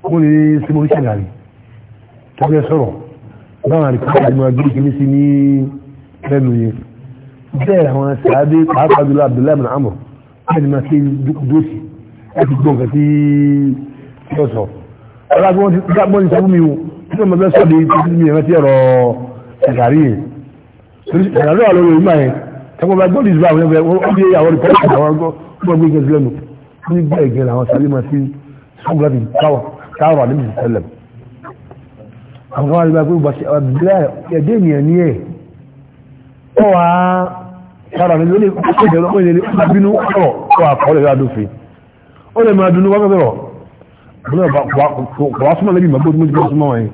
S1: wọ́n ní símọ́ ṣàgàrí tọ́gbẹ́ sọ̀rọ̀ báwọn àríkàtà ìmọ̀ gbé kìíní sí ní lẹ́nu yẹn bẹ́ẹ̀ àwọn sàádé pàápàá jùlọ abdullahi bin amr ẹni máa ṣe dúkùdósì láti gbọ́ nǹkan tí ó sọ alágbọ́n ti gbọ́n ti sábú mi o tí wọ́n bẹ́ sọ́dí títí mi ẹ̀rẹ́ tí ẹ̀rọ ìgbàrí yẹn ìgbàrí wà lórí ìgbà yẹn tẹ́kọ̀ọ́ bá gbọ́dì ìgbà àwọn ẹgbẹ́ ó dé àwọn rìpọ́tì àwọn gbọ́n gbé gẹ́gẹ́ lẹ́nu ní gbà ẹ̀gẹ́ làwọn sáré máa sí sọ́gbàtì káwà níbi ìtẹ́lẹ̀ àwọn kan wá rí bá pé bàṣẹ àbílẹ̀ ẹ̀dẹ́ ènìyàn ní ẹ̀ ó wá kára ní lórí ìpínlẹ̀ ó lè máa dunú wọ́n fẹ́ bẹ̀rọ̀ bọ́lá kò wá súnmọ́ lẹ́bí mọ́ bóti mọ́ súnmọ́ wọ̀nyí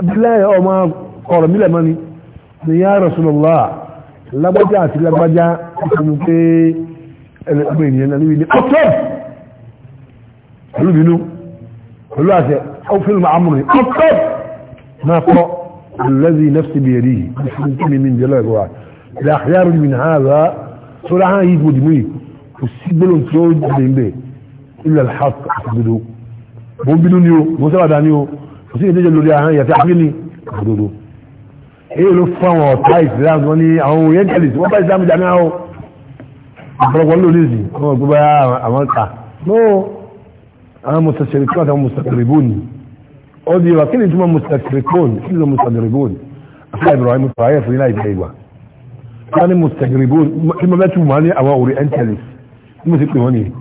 S1: abdullahi ọmọ ọ̀rọ̀ mílẹ̀ mọ́ ni ni ya rasulullah lágbájá àti lágbájá ìfẹ́nu pé ẹni ọmọ ènìyàn náà níbi ní ọ̀tọ̀ pẹ̀lú bínú pẹ̀lú àṣẹ ọ̀fẹ́lùmọ̀ amúrin ọ̀tọ̀ máa kọ́ الذي نفسي بيده من جلال الوعد لا خيار من هذا صراحة يجب دمي وسيبلون تلوج بين بيه ilẹ̀ alhaq àtòdodo mo ń bínú ni o mo ń sábàdà ni o kò sí ìdíje lórí àwọn ìyàtí àfihàn ní àtòdodo èyí ló fún àwọn ọ̀tá ìsìláàmù wọn ní àwọn orientalist wọ́n bá ìsìláàmù jà náà o ọ̀pọ̀lọpọ̀ ló lè sìn wọn gbé bá àwọn kà no àwọn mùsàkìrìkọ́ àtàwọn mùsàkìrìbọ́n ni ó di wa kí ni túmọ̀ mùsàkìrìbọ́n kí ni mùsàkìrìbọ́n àfihàn Ibrahim fàáyẹ̀ fún ilá ìgbà ìgbà wọn ni mùsàkìrìbọ́n kí ni ti pè wọ́n nìyẹn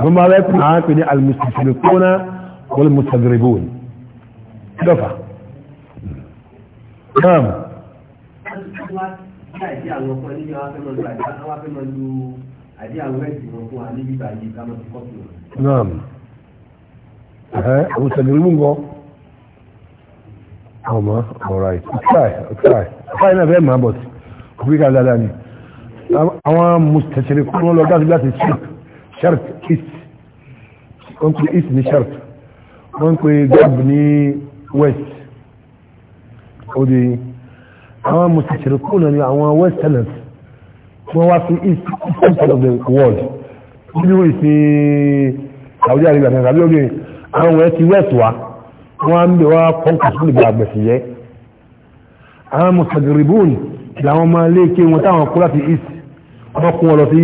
S1: àwọn máa rẹ̀ pàá pè ní almustashriquna wal mustaghribun dọ́fà náà naam ẹ̀hẹ́ àwọn sẹ̀gẹ̀rẹ̀mú ngọ́ ọmọ alright try try try náà fẹ́ máa bọ̀ kúríkà dáadáa ni àwọn mustashriquna lọ dáadáa ti ṣíkù sharp east wọ́n pè east ní sharp wọ́n pè gab ní west ó di àwọn mùsùlùmí náà ni àwọn westerners wọ́n wá sí east eastern part of the world nínú ìsìn saudi arabia náà tàbí oge àwọn wọ̀nyẹn ti west wá wọ́n á ń bè wá pọ́ńkà sí ìgbà àwọn mùsùlùmí làwọn máa lé ké wọn táwọn kó láti east wọ́n kún wọn lọ sí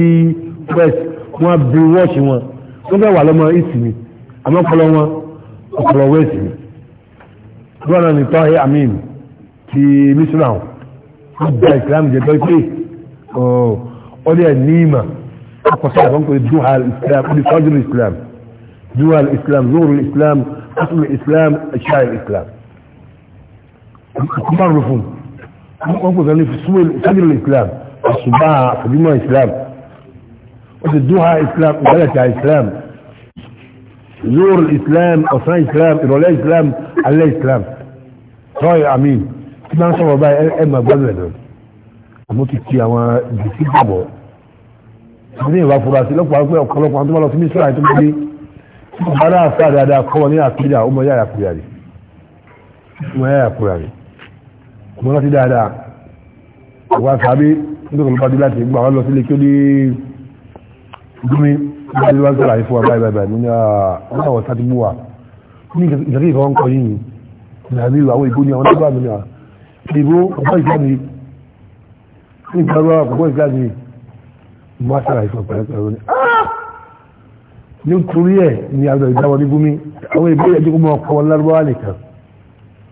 S1: west wọ́n bí wọ́ọ̀ṣì wọn wọ́n fẹ́ wà lọ́mọ ìsìnmi àmọ́ ọpọlọ wọn ọpọlọ wọ́ọ̀ ìsìnmi lọ́nà ní tọ́hí amin ti misra wọ́n gba ìsìlámù jẹ́ tọ́hí pé ọdẹ níma akọ̀tọ̀ àwọn kò duhal islam kò sọ́júrù islam duhal islam zuhurul islam asùlù islam ṣáà islam kúmọ̀rún fún wọn kò sọ́júrù islam àṣùbà àfọ̀júmọ̀ islam الدوحة إسلام بلتها إسلام زور الإسلام أصنع إسلام إرولا إسلام على إسلام صاي عمين كما نصبع بقى إما بلد àmótí ti àwọn ìdìsí gbàbọ̀ ní ìwà furasí lọ́pàá pé ọ̀pọ̀lọpọ̀ àwọn tó bá lọ sí mísírà tó gbé ọba náà sáà dáadáa kọ́ wọn ní àpídà ọmọ yára kúrò rẹ̀ ọmọ yára kúrò rẹ̀ ọmọ láti dáadáa ọwọ́ àkàbí nígbà tó bá dé láti gbà wọn lọ sílé kí ó dé dumi ìgbàlè wá sára ìfowó báyìí báyìí báyìí ní ọ̀nà àwọn sáti bú wa ní ìgbàlè ìfowó ń kọ yìí ìlànà ìlú àwọn ìbò ní àwọn tó bá mi ní à ìbò ọ̀pọ̀ ìjáde ní ìgbàlè wá ọ̀pọ̀ ìjáde mo wá sára ìfowó pẹ̀lẹ́pẹ̀lẹ́ ní nítorí ẹ̀ ní àwọn ìdáwọ́ ní gúnmi àwọn ìbò ẹ̀jẹ̀ kó mọ ọkọ̀ wọn lárúbáwá nìkan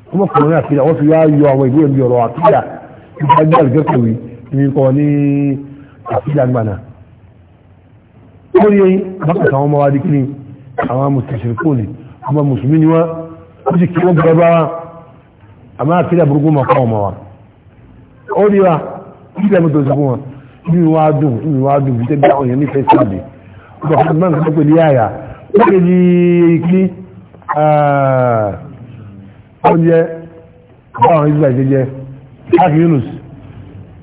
S1: wọ́n mọ̀ kọ̀ọ̀rọ̀ àti àwọn fi wá yọ àwọn ìbò ẹ̀mí ọ̀rọ̀ àkíyà ìgbàgbé àlùgẹ́kẹ̀wé ní kọ́ ní àkíyà gbànà ó ní àbákàtà àwọn ọmọ wa di kí ni àwọn mùsùlùmí ni ọmọ mùsùlùmí ni wọ́n ó sì kí wọ́n gbọ́dọ̀ bá wa àmọ́ àkílẹ̀ burúkú máa kọ́ ọmọ wa ó ní wa ìdílé mi tó sọ fún wa ìmì wa dùn ìmì wa dùn bí tẹ́gbẹ́ àwọn èèyàn nífẹ̀ẹ́ sáàbì ọgbà fún mọ́ nǹkan pẹ̀lú yáyà ó lè di kí oúnjẹ báwọn israel ṣe jẹ káàkiri yunus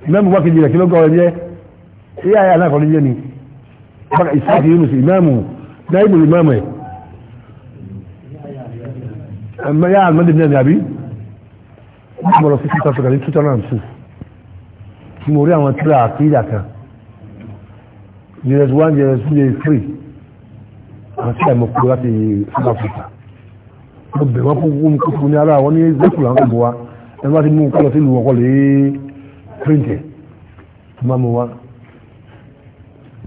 S1: mẹ́mú wákejì rẹ̀ kí ló gbọ́ ọ jẹ́ yáyà náà kọ́ ló jẹ́ ni bákan ìsáàkì yunus ìmáàmù náírà ìmáàmù ẹ̀ ẹ̀mẹ́ yá àmọ́dé ní ẹ̀dàbí wọ́n mọ̀ lọ sí sí tàfíkà ní 2002 tí mo rí àwọn tíra àti ìdà kan jẹ́rẹ̀sì 1 jẹ́rẹ̀sì 2 jẹ́rẹ̀sì 3 àwọn tíra ìmọ̀ kúrò láti South Africa mo bẹ̀ wọ́n kúkú mú kúkú ní ara wọn ní gbẹ́kù làwọn kò bọ́ wa ẹni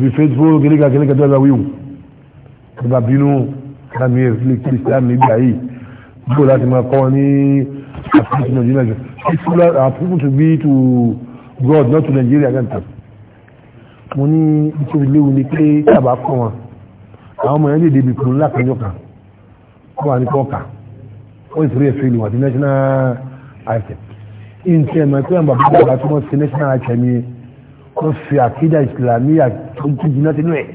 S1: fi facebook gíríkà gíríkà tó ẹgbà wíwù ẹgbà bínú lámì islam nígbà yìí bó láti máa kọ́ ní àfihàn nàìjíríà jù àfihàn to be to god not to nigeria gàǹtà mo ní nítorí léwu ni pé kábà kọ́ wọn àwọn ọmọ yẹn lè débi kùn ńlá kan yọkà kọ́ wa ní kọ́ọ̀kà wọ́n ìṣòro ẹ̀fẹ́ ìlú àti national item ìǹtí ẹ̀mọ̀ ẹ̀kọ́ yẹn bàbá bàbá tí wọ́n ṣe national item yẹn wọ́n fi àkídà ìsìlámíyà tó ń tún jiná sínú ẹ̀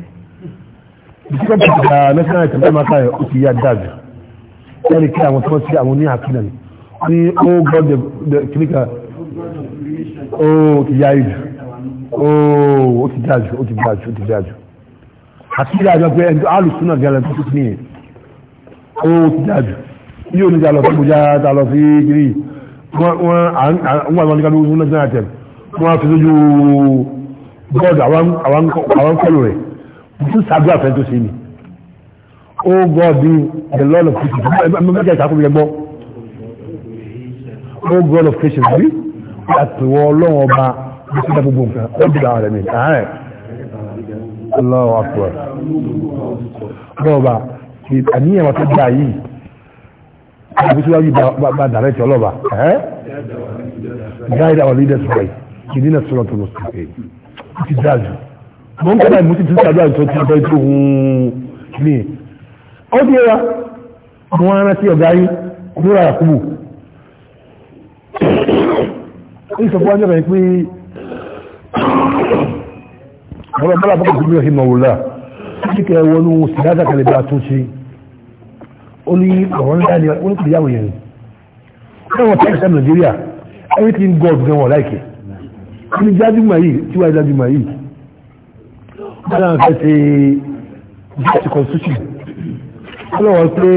S1: ìṣẹ́kọ̀ tó gba national ìtàlẹ́ maka ẹ̀ ó ti yá dáàbì ẹni kí àwọn tó ti àwọn oní àkínà ni ní ó oh gbọ́ the clinic oh, oh, ó ti yá ìjù ó ti dáàjù ó ti dáàjù ó ti dáàjù àti dáàjù pé ẹni tó alùsùn náà gẹ̀rẹ̀ tó ti ní ó ti dáàjù yóò ní jalọ sí bujá ta lọ sí kiri wọ́n àwọn àwọn nígbà tó ń national ìtàlẹ́ wọ́n á fi sójú god àwọn kọlù rẹ̀ tún sáájú àfẹ́ tó ṣe ni ó oh god be the lord of christian ẹgbẹ́ mẹ́jẹ̀ ìtàkùn rẹ̀ gbọ́ ó oh god of christian rí àtìwọ́ ọlọ́run ọba bí sí gbogbo nǹkan ó dìgbà rẹ̀ ní àárẹ̀ lọ́wọ́ àpọ̀ ọlọ́ọ̀ba àníyàn wọn tó gbà yìí àbí síwájú bá dàrẹ́tì ọlọ́ọ̀ba ẹ́ guide our leaders right ìdínà sọ́rọ̀ tó lọ sí pé ti dáa jù mọ̀ ń kọ́dà ìmúti ti sàdúrà tó ti bẹ́ tó hùn ní ẹ̀ ó di ẹwà àwọn ará sí ọ̀gá yín lóra àkúbù ó sọ fún wájú rẹ̀ pé ọ̀rọ̀ bọ́lá bọ́lá ìgbìmọ̀ ìmọ̀ òwúlà tí kẹ́ wọnú sìdájà kalẹ̀ bá tó ṣe ó ní ọ̀rọ̀ ńlá ni ó ní kò yáwó yẹn ní ẹ̀wọ̀n tẹ́lẹ̀ sẹ́mi Nàìjíríà everything God gan wọ̀ láìkẹ́ ní jájúmọ̀ yìí tí wà jájúmọ̀ yìí bọ́lá ń fẹ́ ṣe just constitution ọlọ́wọ́ pé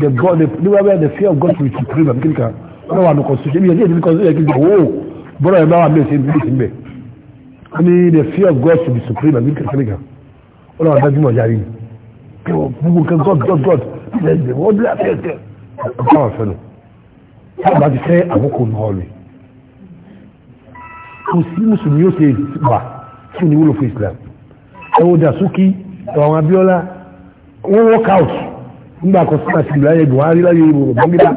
S1: the god the níwáwẹ́ the fear of god be supreme àbí kíkà ọlọ́wọ́ àná constitution èmi yẹn ní constitution kí n gbọ́ wò bọ́lá ẹ̀ bá wà mí ṣe bí ìsìn bẹ̀ ní the fear of god should be supreme àbí kíkà kíkà ọlọ́wọ́ jájúmọ̀ yàrá yìí kí wọ́n gbogbo kan god god god wọ́n bí i àfẹ́ tẹ̀ ọ̀pọ̀ àwọn fẹ́ lọ. sábà ti fẹ́ àkókò náà kò sí mùsùlùmí ó ṣe wà tí ní wúlò fún islam ẹwọ́n dàsúkí àwọn abíọ́lá wọ́n work out nígbà kan sínú àti ìlàyé buhari láyé ìròyìn bangida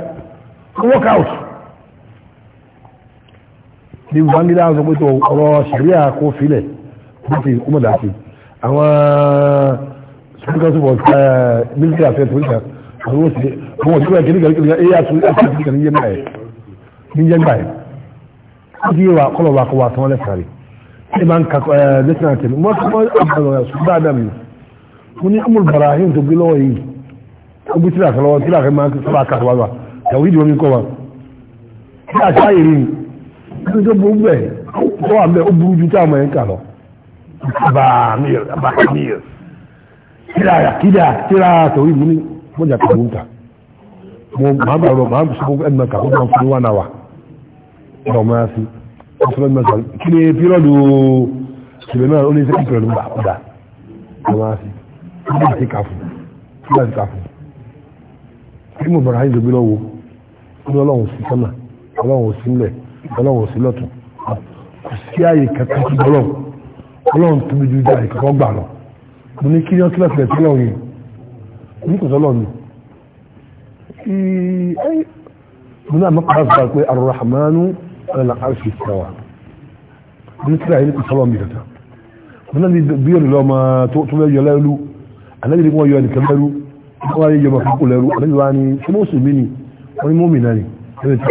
S1: wọ́n work out ní bangida sọ pé tó ọ̀rọ̀ sàríà kó filẹ̀ láti ọmọdé àti àwọn speakers of military affairs political àwọn òṣèré àwọn òṣèré kìnnìkan kìnnìkan èyí àti ìṣẹ́ kìnnìkan ní yẹn báyìí kí wà kọ́lọ̀ wà kọ́ wà tán lẹ́sàrí ṣe máa ń kakọ ẹ̀ lẹ́sìn àti ẹ̀mí wọ́n ti wọ́n àbàlọ̀ ẹ̀sùn dáadáa mi mo ní amúl barahim tó gbé lọ́wọ́ yìí ó gbé tíra kọlọ́wọ́ tíra kẹ́ máa ń sọ́ra kàtó wá wà ìyàwó ìdìbò mi kọ́ wa tí a ká yìí ni kí ló burú bẹ́ẹ̀ tó wà bẹ́ẹ̀ ó burú ju táwọn ẹ̀ ń kà lọ. bàmír bàmír tíra kídà tíra tòwí mo ní mo jà kàwé ń ta mo máa bàrọ̀ máa sọ ọmọasi ọsọlọ mẹsàn kí ni pírọdù sùlẹmẹ ọ ní sẹkì pírọdù gbà ọdà ọmọasi kí ni àti kàfù kí ni àti kàfù kí mo bọ̀rọ̀ àyìnbó lọ wo kí ni ọlọ́run sí sánà ọlọ́run sí nílẹ̀ ọlọ́run sí lọ́tún kò sí àyè kẹta tó bọ́lọ̀ ọlọ́run tóbi ju àyè kẹta gbà lọ mo ní kí ní kò mo náà mọ́ kàrà fún pé arọ̀rọ̀ àmánú على العرش استوى بالنسبة إليك صلى الله الذي بيقول لو ما تقتل يلالو اللي هو يوالي كمالو هو يجب أن يقول له الذي يعني شموس مني والمؤمناني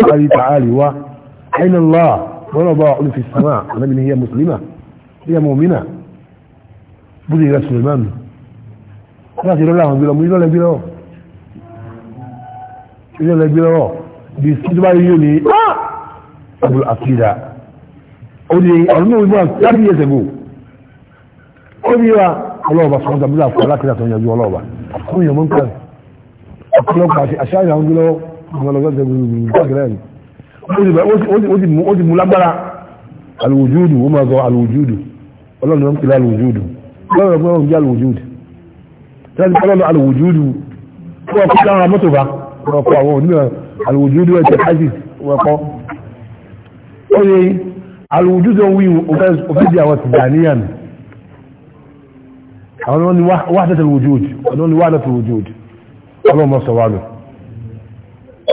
S1: تعالي تعالي و أين الله ولا ضاع في السماء من هي مسلمة هي مؤمنة بدي إلى سليمان لا تقول لهم بلا مجد ولا بلا إلا بلا بلا بلا بلا بلا abul akida ó ní ọdún mẹ́rin náà thirty years ago ó ní wa ọlọ́ọ̀bà fún ọjà bílá fún alákìlá tó ń yanjú ọlọ́ọ̀bà fún ìyàmọ́ nǹkan ọ̀pọ̀lọpọ̀ àti àṣà ìyàwó ń lọ́wọ́ ọ̀pọ̀lọpọ̀ gbẹ̀gbẹ̀rẹ̀ ó ti mú lágbára alùwùjúdù ó máa gọ alùwùjúdù ọlọ́run ló ń pèlú alùwùjúdù ọlọ́run ló ń jẹ́ alùwùjúdù tẹ́lẹ̀ ọlọ́run alùwùjúdù wọ́n kọ́ láwọn mọ́tò bá wọ́n kọ́ àwọn onímọ̀ alùwùjúdù ẹ̀jẹ̀ hajj wọ́n kọ́ oye alùwùjú tó ń wí òfin di àwọn tìjàníyàn àwọn wọn ni wahdatul wujud àwọn ni wahdatul wujud ọlọ́mọ sọ̀wálù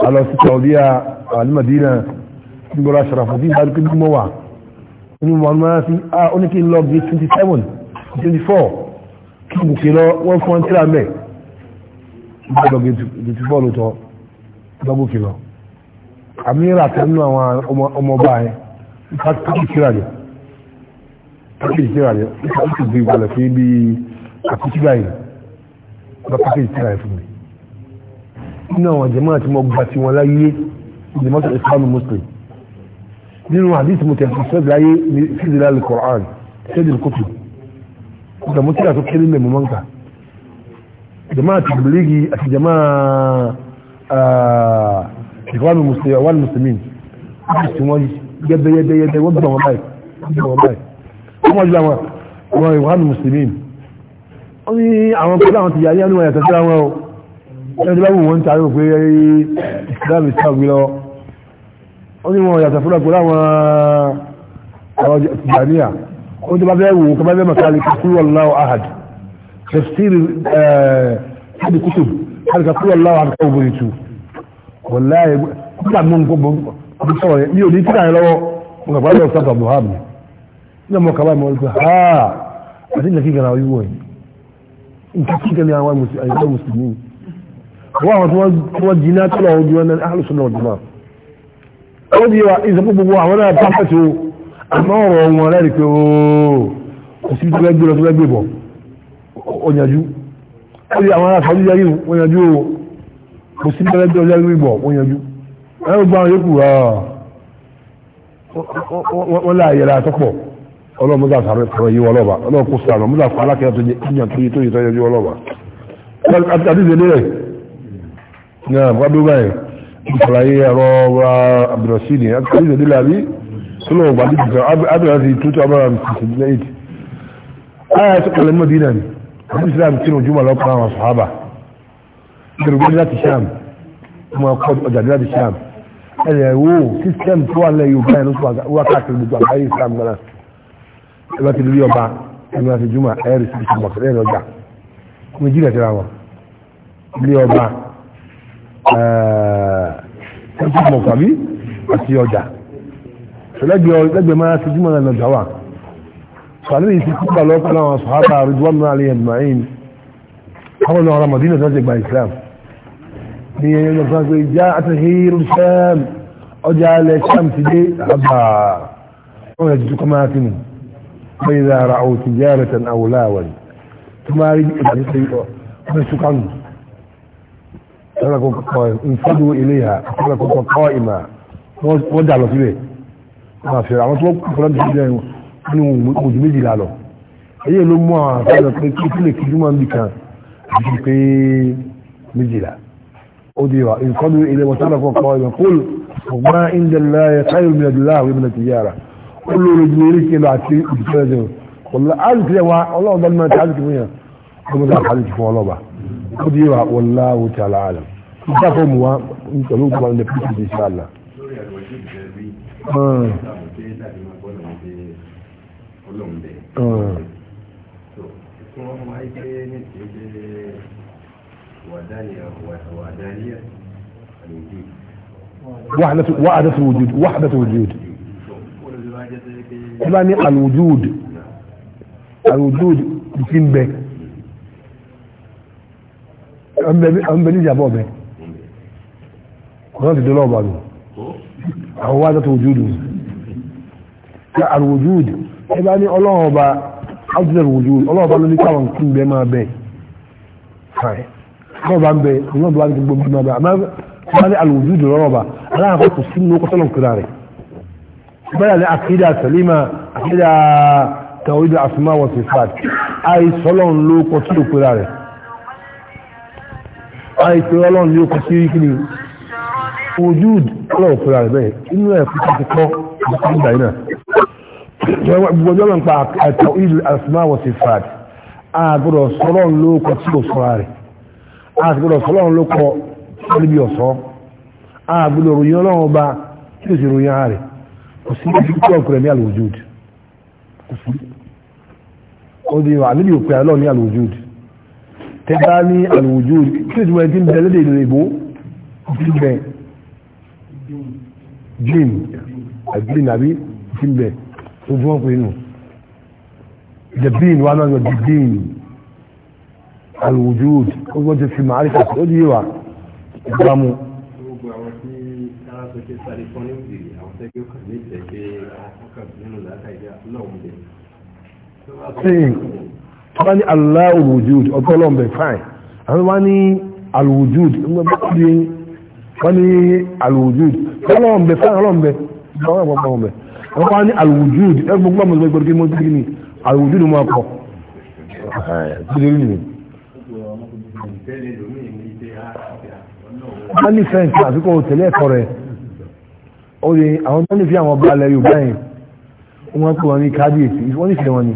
S1: alọ́ sí Saudiya alimadina gbọ́dọ̀ Sharafuddin bá dúkú mọ́ wà ní wọn máa fi á ó ní kí n lọ bí 27 24 kí n kè lọ wọ́n fún ọ́n tíra mẹ́ gbọ́dọ̀ bí 24 lótọ́ gbọ́gbó kè lọ amira tẹnu àwọn ọmọọba yẹn káàkiri kíra ni káàkiri kíra ni káàkiri gbé ìgbàlẹ̀ fún ibi àkútúgbà yìí ọba káàkiri kíra yẹn fún mi nínú àwọn jẹ̀mọ́ àti mọ́ gbà tí wọ́n láyé jẹ̀mọ́ tó islam muslim nínú hadith mo tẹ̀sí sẹ́dí láyé ní sídìlá lè kọ̀ọ̀án sẹ́dí kótó ọ̀gá mo kíra tó kéré mẹ́mọ́ mọ́ǹkà jẹ̀mọ́ àti bìlígì àti jẹ̀mọ́ ìkọ́nù mùsùlùmí àwọn mùsùlùmí tí wọ́n yẹ́bẹ́yẹ́bẹ́yẹ́bẹ́ wọ́n gbọ́n wọn báyìí wọ́n jù àwọn àwọn ìwọ̀n mùsùlùmí wọ́n ní àwọn pẹ̀lú àwọn ti yàrí àwọn ìyàtọ̀ síra wọn o ẹni tí bá wù wọ́n ń tàrí òpé Islam is tàbí lọ wọ́n ní wọn yàtọ̀ fúnra pẹ̀lú àwọn àwọn tìjàníà wọ́n ti bá fẹ́ wù kọ́ bá fẹ́ màkà wọláyé nígbà mú nǹkan bọ́n sọ̀rọ̀ yẹn mi ò ní kíkà yẹn lọ́wọ́ mo kà bá lọ sábà bọ̀ hàmì ní ọmọ kàbá mi wọ́n sọ ha àti ilẹ̀ kíkà náà yíwọ̀ yìí nǹkan kíkà ní àwọn àyíká mùsùlùmí wọ́n àwọn tí wọ́n jiná tó lọ́wọ́ ju ẹni àlùsùn náà jùlọ. ó di wa ìsọ̀kú gbogbo àwọn náà pàfẹ́tì o àmọ́ ọ̀rọ̀ wọn lẹ́rìí pé ooo kò sí tó fẹ́ gbé lọ tó fẹ́ gbé bọ̀ ó yanjú kò sí mẹ́lẹ́bí ọjọ́ ìlú ìbọ̀ wọ́n yanjú ẹ̀rọ gba àwọn yòókù wọ́n lé àyẹ̀lẹ̀ àtọ́pọ̀ ọlọ́run mọ́tà sàrẹ́ sọ̀rọ̀ yìí wọ́n lọ́ba ọlọ́run kò sàrọ̀ mọ́tà fún alákẹ́yà tó yàn tó yẹ tó yẹ tó yẹ wọ́n lọ́ba. àdìsẹ́ lé rẹ̀ náà wọ́n dúró báyìí ìfàlàyé ẹ̀rọ wa abdulrasheed àdìsẹ́ lé làbí sọlọ́ gbàdúgbò abdulrasheed two thousand and sixty eight. ayé àti kàlẹ́ mọ́dínà ni àdìsẹ́ làbí kí gbẹ̀rùgbẹ̀rù láti sham ọmọ ọkọ̀ ọjà láti sham ẹ̀rẹ̀ wo system tó wà lẹ́ yorùbá ẹ̀ ló sọ wá káàkiri gbogbo àgbáyé islam gbọ́nà ẹ bá ti lórí ọba ẹni láti júmọ̀ ẹ̀ rí sí ìṣàmọ̀ fẹ́rẹ́ ẹ̀ lọ́jà méjì rẹ̀ tẹ́ra wọn ilé ọba ẹ̀ẹ́dẹ́gbẹ̀ eh, mọ̀kàbí àti ọjà lẹ́gbẹ̀ẹ́ máa ti júmọ̀ náà lọ́jà wà sọ̀rọ̀ yìí ti kúkà lọ́pọ̀ náà sọ̀hábà àrùjọ́ náà lè yẹn mọ̀ ní ẹyẹ lọ sọ pé já àtàhírù sẹ́m ọjà alẹ́ sẹ́m ti dé àbà wọn yẹ tuntun kọ́má sí mu wọ́n yẹ dára àwọn ti jẹ́ rẹ̀ tẹ̀lé àwọn láwọn tó máa rí ìgbàlẹ́ sí ọ wọ́n sọ kánú tọ́lá ilé ha tọ́lá kó kọ́ ìmà wọ́n dà lọ síbẹ̀ wọ́n máa àwọn tó kọ́lá ti dé wọn ní ojú méjìlá lọ èyí ló mú àwọn àfẹ́ lọ pé kí ìpínlẹ̀ kìdúmọ̀ nìkan àti pé méjìlá أديوا إن قدروا إلى وتركوا قائما قل وما عند الله خير من الله ومن التجارة قل لجميلك إلى عشرين بسنة والله عارف يا والله ضل ما تعرف منها كما ذا حالك في ولوبة أديوا والله تعالى عالم تفهم هو نتلوك على النبي إن شاء الله آه. آه. وحدانية الوجود وحدة الوجود وحدة الوجود يعني الوجود الوجود يتم به أم بني جابوا به قرأت الدولار بعده هو وحدة الوجود الوجود يعني الله با عز الوجود الله با لو نكاون كن بما به هاي rọ́ọ̀bà ń bẹ ìwọ́n bá ti gbogbo náà bẹ àmọ́ wọ́n ní alùjú ìdè rọ́ọ̀bà aláàkọ́ kò sí nínú kọ́sọ́nà kìlá rẹ̀ bẹ́ẹ̀ ni àkídà sẹ́límà àkídà tàwídà àfimá wọ̀ sí fat àì sọ́lọ́n ló kọ́ sí òkúra rẹ̀ àì sọ́lọ́n ló kọ́ sí kíni ojú ìdè òkúra rẹ̀ bẹ́ẹ̀ inú ẹ̀ kúkú ti kọ́ ìgbà yìí náà gbogbo ọjọ́ nípa àtàwídà àfimá wọ̀ sí fat àgbọ̀dọ̀ ló kọ́ sí òkúra rẹ̀ àtìgbọ́dọ̀ fọlọ́run ló kọ níbi ọ̀sọ́ ọrụ ròyìn ọlọ́run ọba tí ó sì ròyìn ara kò sí ibi tí ọkùnrin ní al kò sí ó di wà níbi òpin ọlọ́run ní al tẹ́gbá ní al tí ó ti wọ́n ti ń lédè ti ń alwujud ó gbọ́dọ̀ fi màálíkà tó di wa ìgbàmú. sin tó bá ní aláwọ̀ wujud ọ̀tọ̀ lọ́nbẹ̀ fine àwọn wá ní alwujud wọ́n ní alwujud lọ́nbẹ̀ fine lọ́nbẹ̀ lọ́nbẹ̀ wọ́n wá ní alwujud ẹgbẹ́ gbọ́mọ̀ gbẹ́gbẹ́ kí mo ti ní alwujud mọ́ ọkọ̀ mọ́nì fẹ́ǹtì àfikún òtẹ̀lẹ́ ẹ̀kọ́ rẹ̀ oye àwọn mọ́nì fi àwọn ọba alẹ́ yorùbá yẹn wọ́n pè wọ́n ní kábíyèsí wọ́n ní fẹ́ wọn ni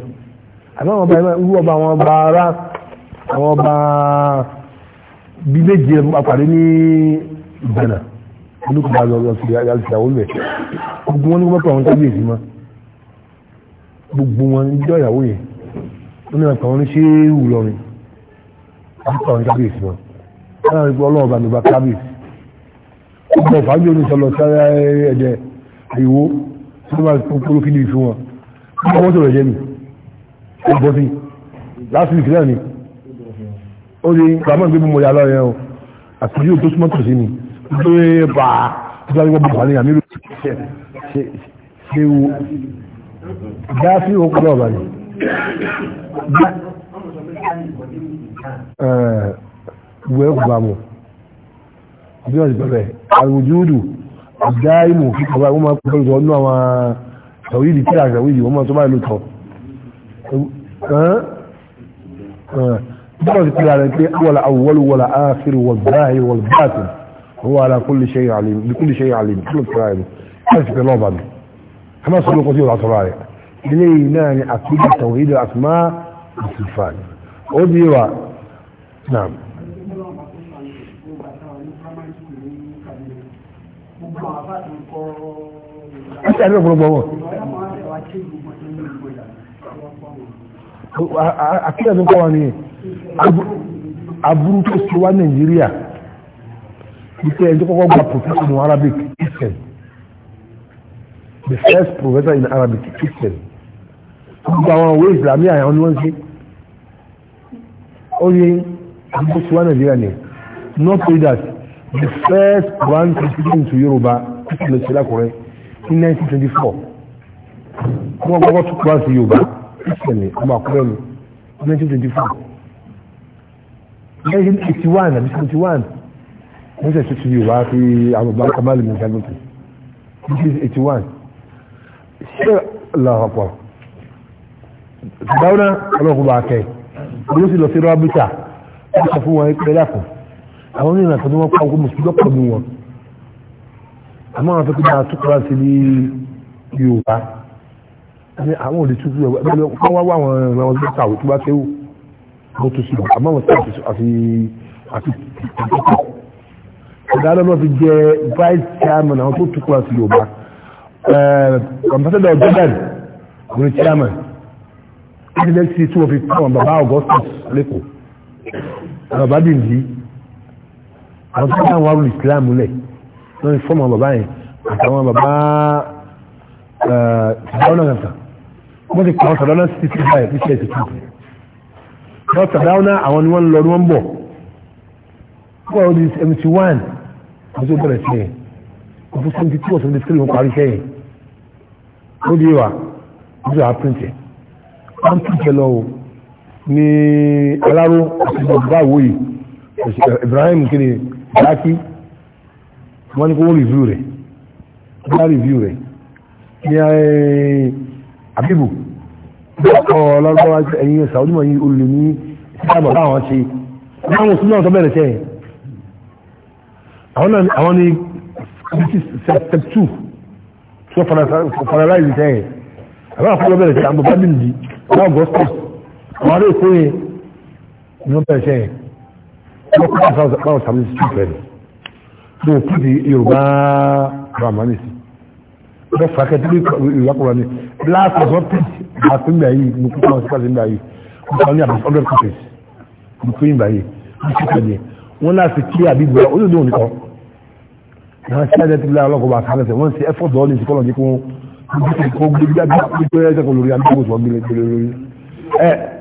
S1: àbí àwọn ọba irú ọba àwọn ọba ara àwọn ọba bí méje apàdé ní ìbànà olùkọ́ba lọ sí àlùfíàwó rẹ̀ gbogbo wọn ní wọ́n pè àwọn kábíyèsí mọ́ gbogbo wọn jọ ìyàwó yẹn wọ́n ní wọ́n àwọn oníṣẹ́ ìwúlọ́rin wọ́n pè àwọn kábíyèsí mọ́ náà gbọ́ ọlọ́run ọba nìbà kábì ọgbọ̀n fàájì oníṣọlọ sáré ẹ̀dẹ̀ àyíwó tó máa kúrò kí ni ìfún wọn kí wọ́n sọ̀rọ̀ jẹ́ mi ó bọ́ sí láti ìkí náà ni ó ní ramon gbé mímọ yàrá yẹn o àtúndì tó súnmọ́ tòsí ni tó yẹ bá tó sáré wọ́n bọ̀ wá ní àmì ìlú ṣe wo dá sí òkú náà báyìí ìwé gbàmù bí wọ́n ti bẹ̀rẹ̀ àrùjúdù àdáìmù ọba ìwọ́n máa pẹ̀lú ọ̀nà àwọn tàwídì tí a tàwídì wọ́n máa tó báyìí lóòtọ́ bí wọ́n ti pẹ̀lú àrẹ pé wọ́la awọ́lu wọ́la áfírí wọ́l báyìí wọ́l báàtì wọ́n wà lá kúlù ṣe àlìm kúlù ṣe àlìm kúlù pẹ̀lú àrẹ wọ́n ti pẹ̀lú ọba mi a máa sọ lóko tí ó di wa náà sí àbí ọ̀pọ̀lọpọ̀ wọn. àkíyà tó kọ́ wa nìyẹn aburú tó ṣe wá nàìjíríà ìpè ẹni kọ́kọ́ gba professor in arabic christian the first professor in arabic christian gbogbo àwọn òwe ìsìlámì àyàn ni wọ́n ṣe ó yẹ aburú ṣe wá nàìjíríà ni not only that the first grand president to Yorùbá christian lè ṣe lákùrẹ́ ní 1924 wọ́n gbọ́gbọ́ tó kúrò sí yorùbá ìṣẹ̀lẹ̀ ọmọ àkúrẹ́ mi 1924 1981 àbí 71 wọ́n ṣe ṣe ti yorùbá fi àbúgbà kamali mi ṣàlùkù 1981 ṣé làwọ̀pọ̀ dáwọ́nà ọlọ́kùnrin àkẹ́ ló sì lọ sí rọ́bìtà wọ́n sọ fún wọn pé dákùn àwọn onírin àtọ́jú wọn pa ogun mùsùlùmí lọ́pọ̀ mi wọn àmọ́ àwọn afẹ́kọ̀ọ́ bá tukura sí ní yorùbá ní àwọn òde tukú ẹ̀ bẹ́ẹ̀ wọ́n wá wá àwọn ọmọ ọdún tó àwọn tó bá tẹ́wò wọ́n tó sí àmọ́ àwọn tó àfi àfi tẹ̀tẹ̀tẹ̀ ìdájọ́ náà fi jẹ́ vice chairman àwọn tó tukura sí yorùbá ambassador jordan àwọn chairman presidency tí wọ́n fi kọ́ àwọn bàbá augustus lẹ́kọ̀ọ́ bàbá bìndí àwọn tó bá wà rú islam lẹ́yìn lórí fọ́ọ̀mù àwọn bàbá yẹn àtàwọn bàbá sàdáwọ́nà gàtà wọ́n ti pa àwọn sàdáwọ́nà sí ti báyìí ní ṣe ìtìtì wọ́n sàdáwọ́nà àwọn ni wọ́n lọ ni wọ́n bọ̀ wọ́n wọ́n di seventy one wọ́n ti bẹ̀rẹ̀ sí yẹn wọ́n fún seventy two seventy three wọ́n parí sẹ́yìn ó di wa wọ́n ti wà á píntì wọ́n píntì lọ o ní aláró àti bàbá àwòyí Ibrahim kiri Dákì wọ́n ní kó review rẹ̀ bá review rẹ̀ ní àbíbù ọlọ́gbọ́n ẹ̀yìn ẹ̀sà onímọ̀ yìí olè ní ìsáàbọ̀ láwọn ṣe láwọn òsùn náà tó bẹ̀rẹ̀ sẹ́yìn àwọn ní step two tó fọnaláìsì sẹ́yìn àwọn àfọlọ́ bẹ̀rẹ̀ sẹ́yìn àbúkọ́ bí nìyí láwọn gọ́ọ̀sì àwọn ará èkó yẹn ni wọ́n bẹ̀rẹ̀ sẹ́yìn wọ́n kọ́ ló kú di yorùbá ramani sí lọ fà kẹ́ tí yorùbá kọ̀ ramani blast of optics àti ń gbà yìí mo kú kọ́ sípàdé ń gbà yìí mo kọ́ ní àbí hundred copies mo kú yìí ń gbà yìí mo kú kọ́ ní wọn láti kí àbí gbọ́ ó yóò dé òní kọ́ náà sí àjẹ́ tí bí aláwọ̀ bá sáré sẹ́ wọ́n ti effort dọ́ọ́ ní ìsìkọ́lọ̀ ní kó gbé gbé gbé gbé gbé gbé gbé gbé gbé gbé gbé gbé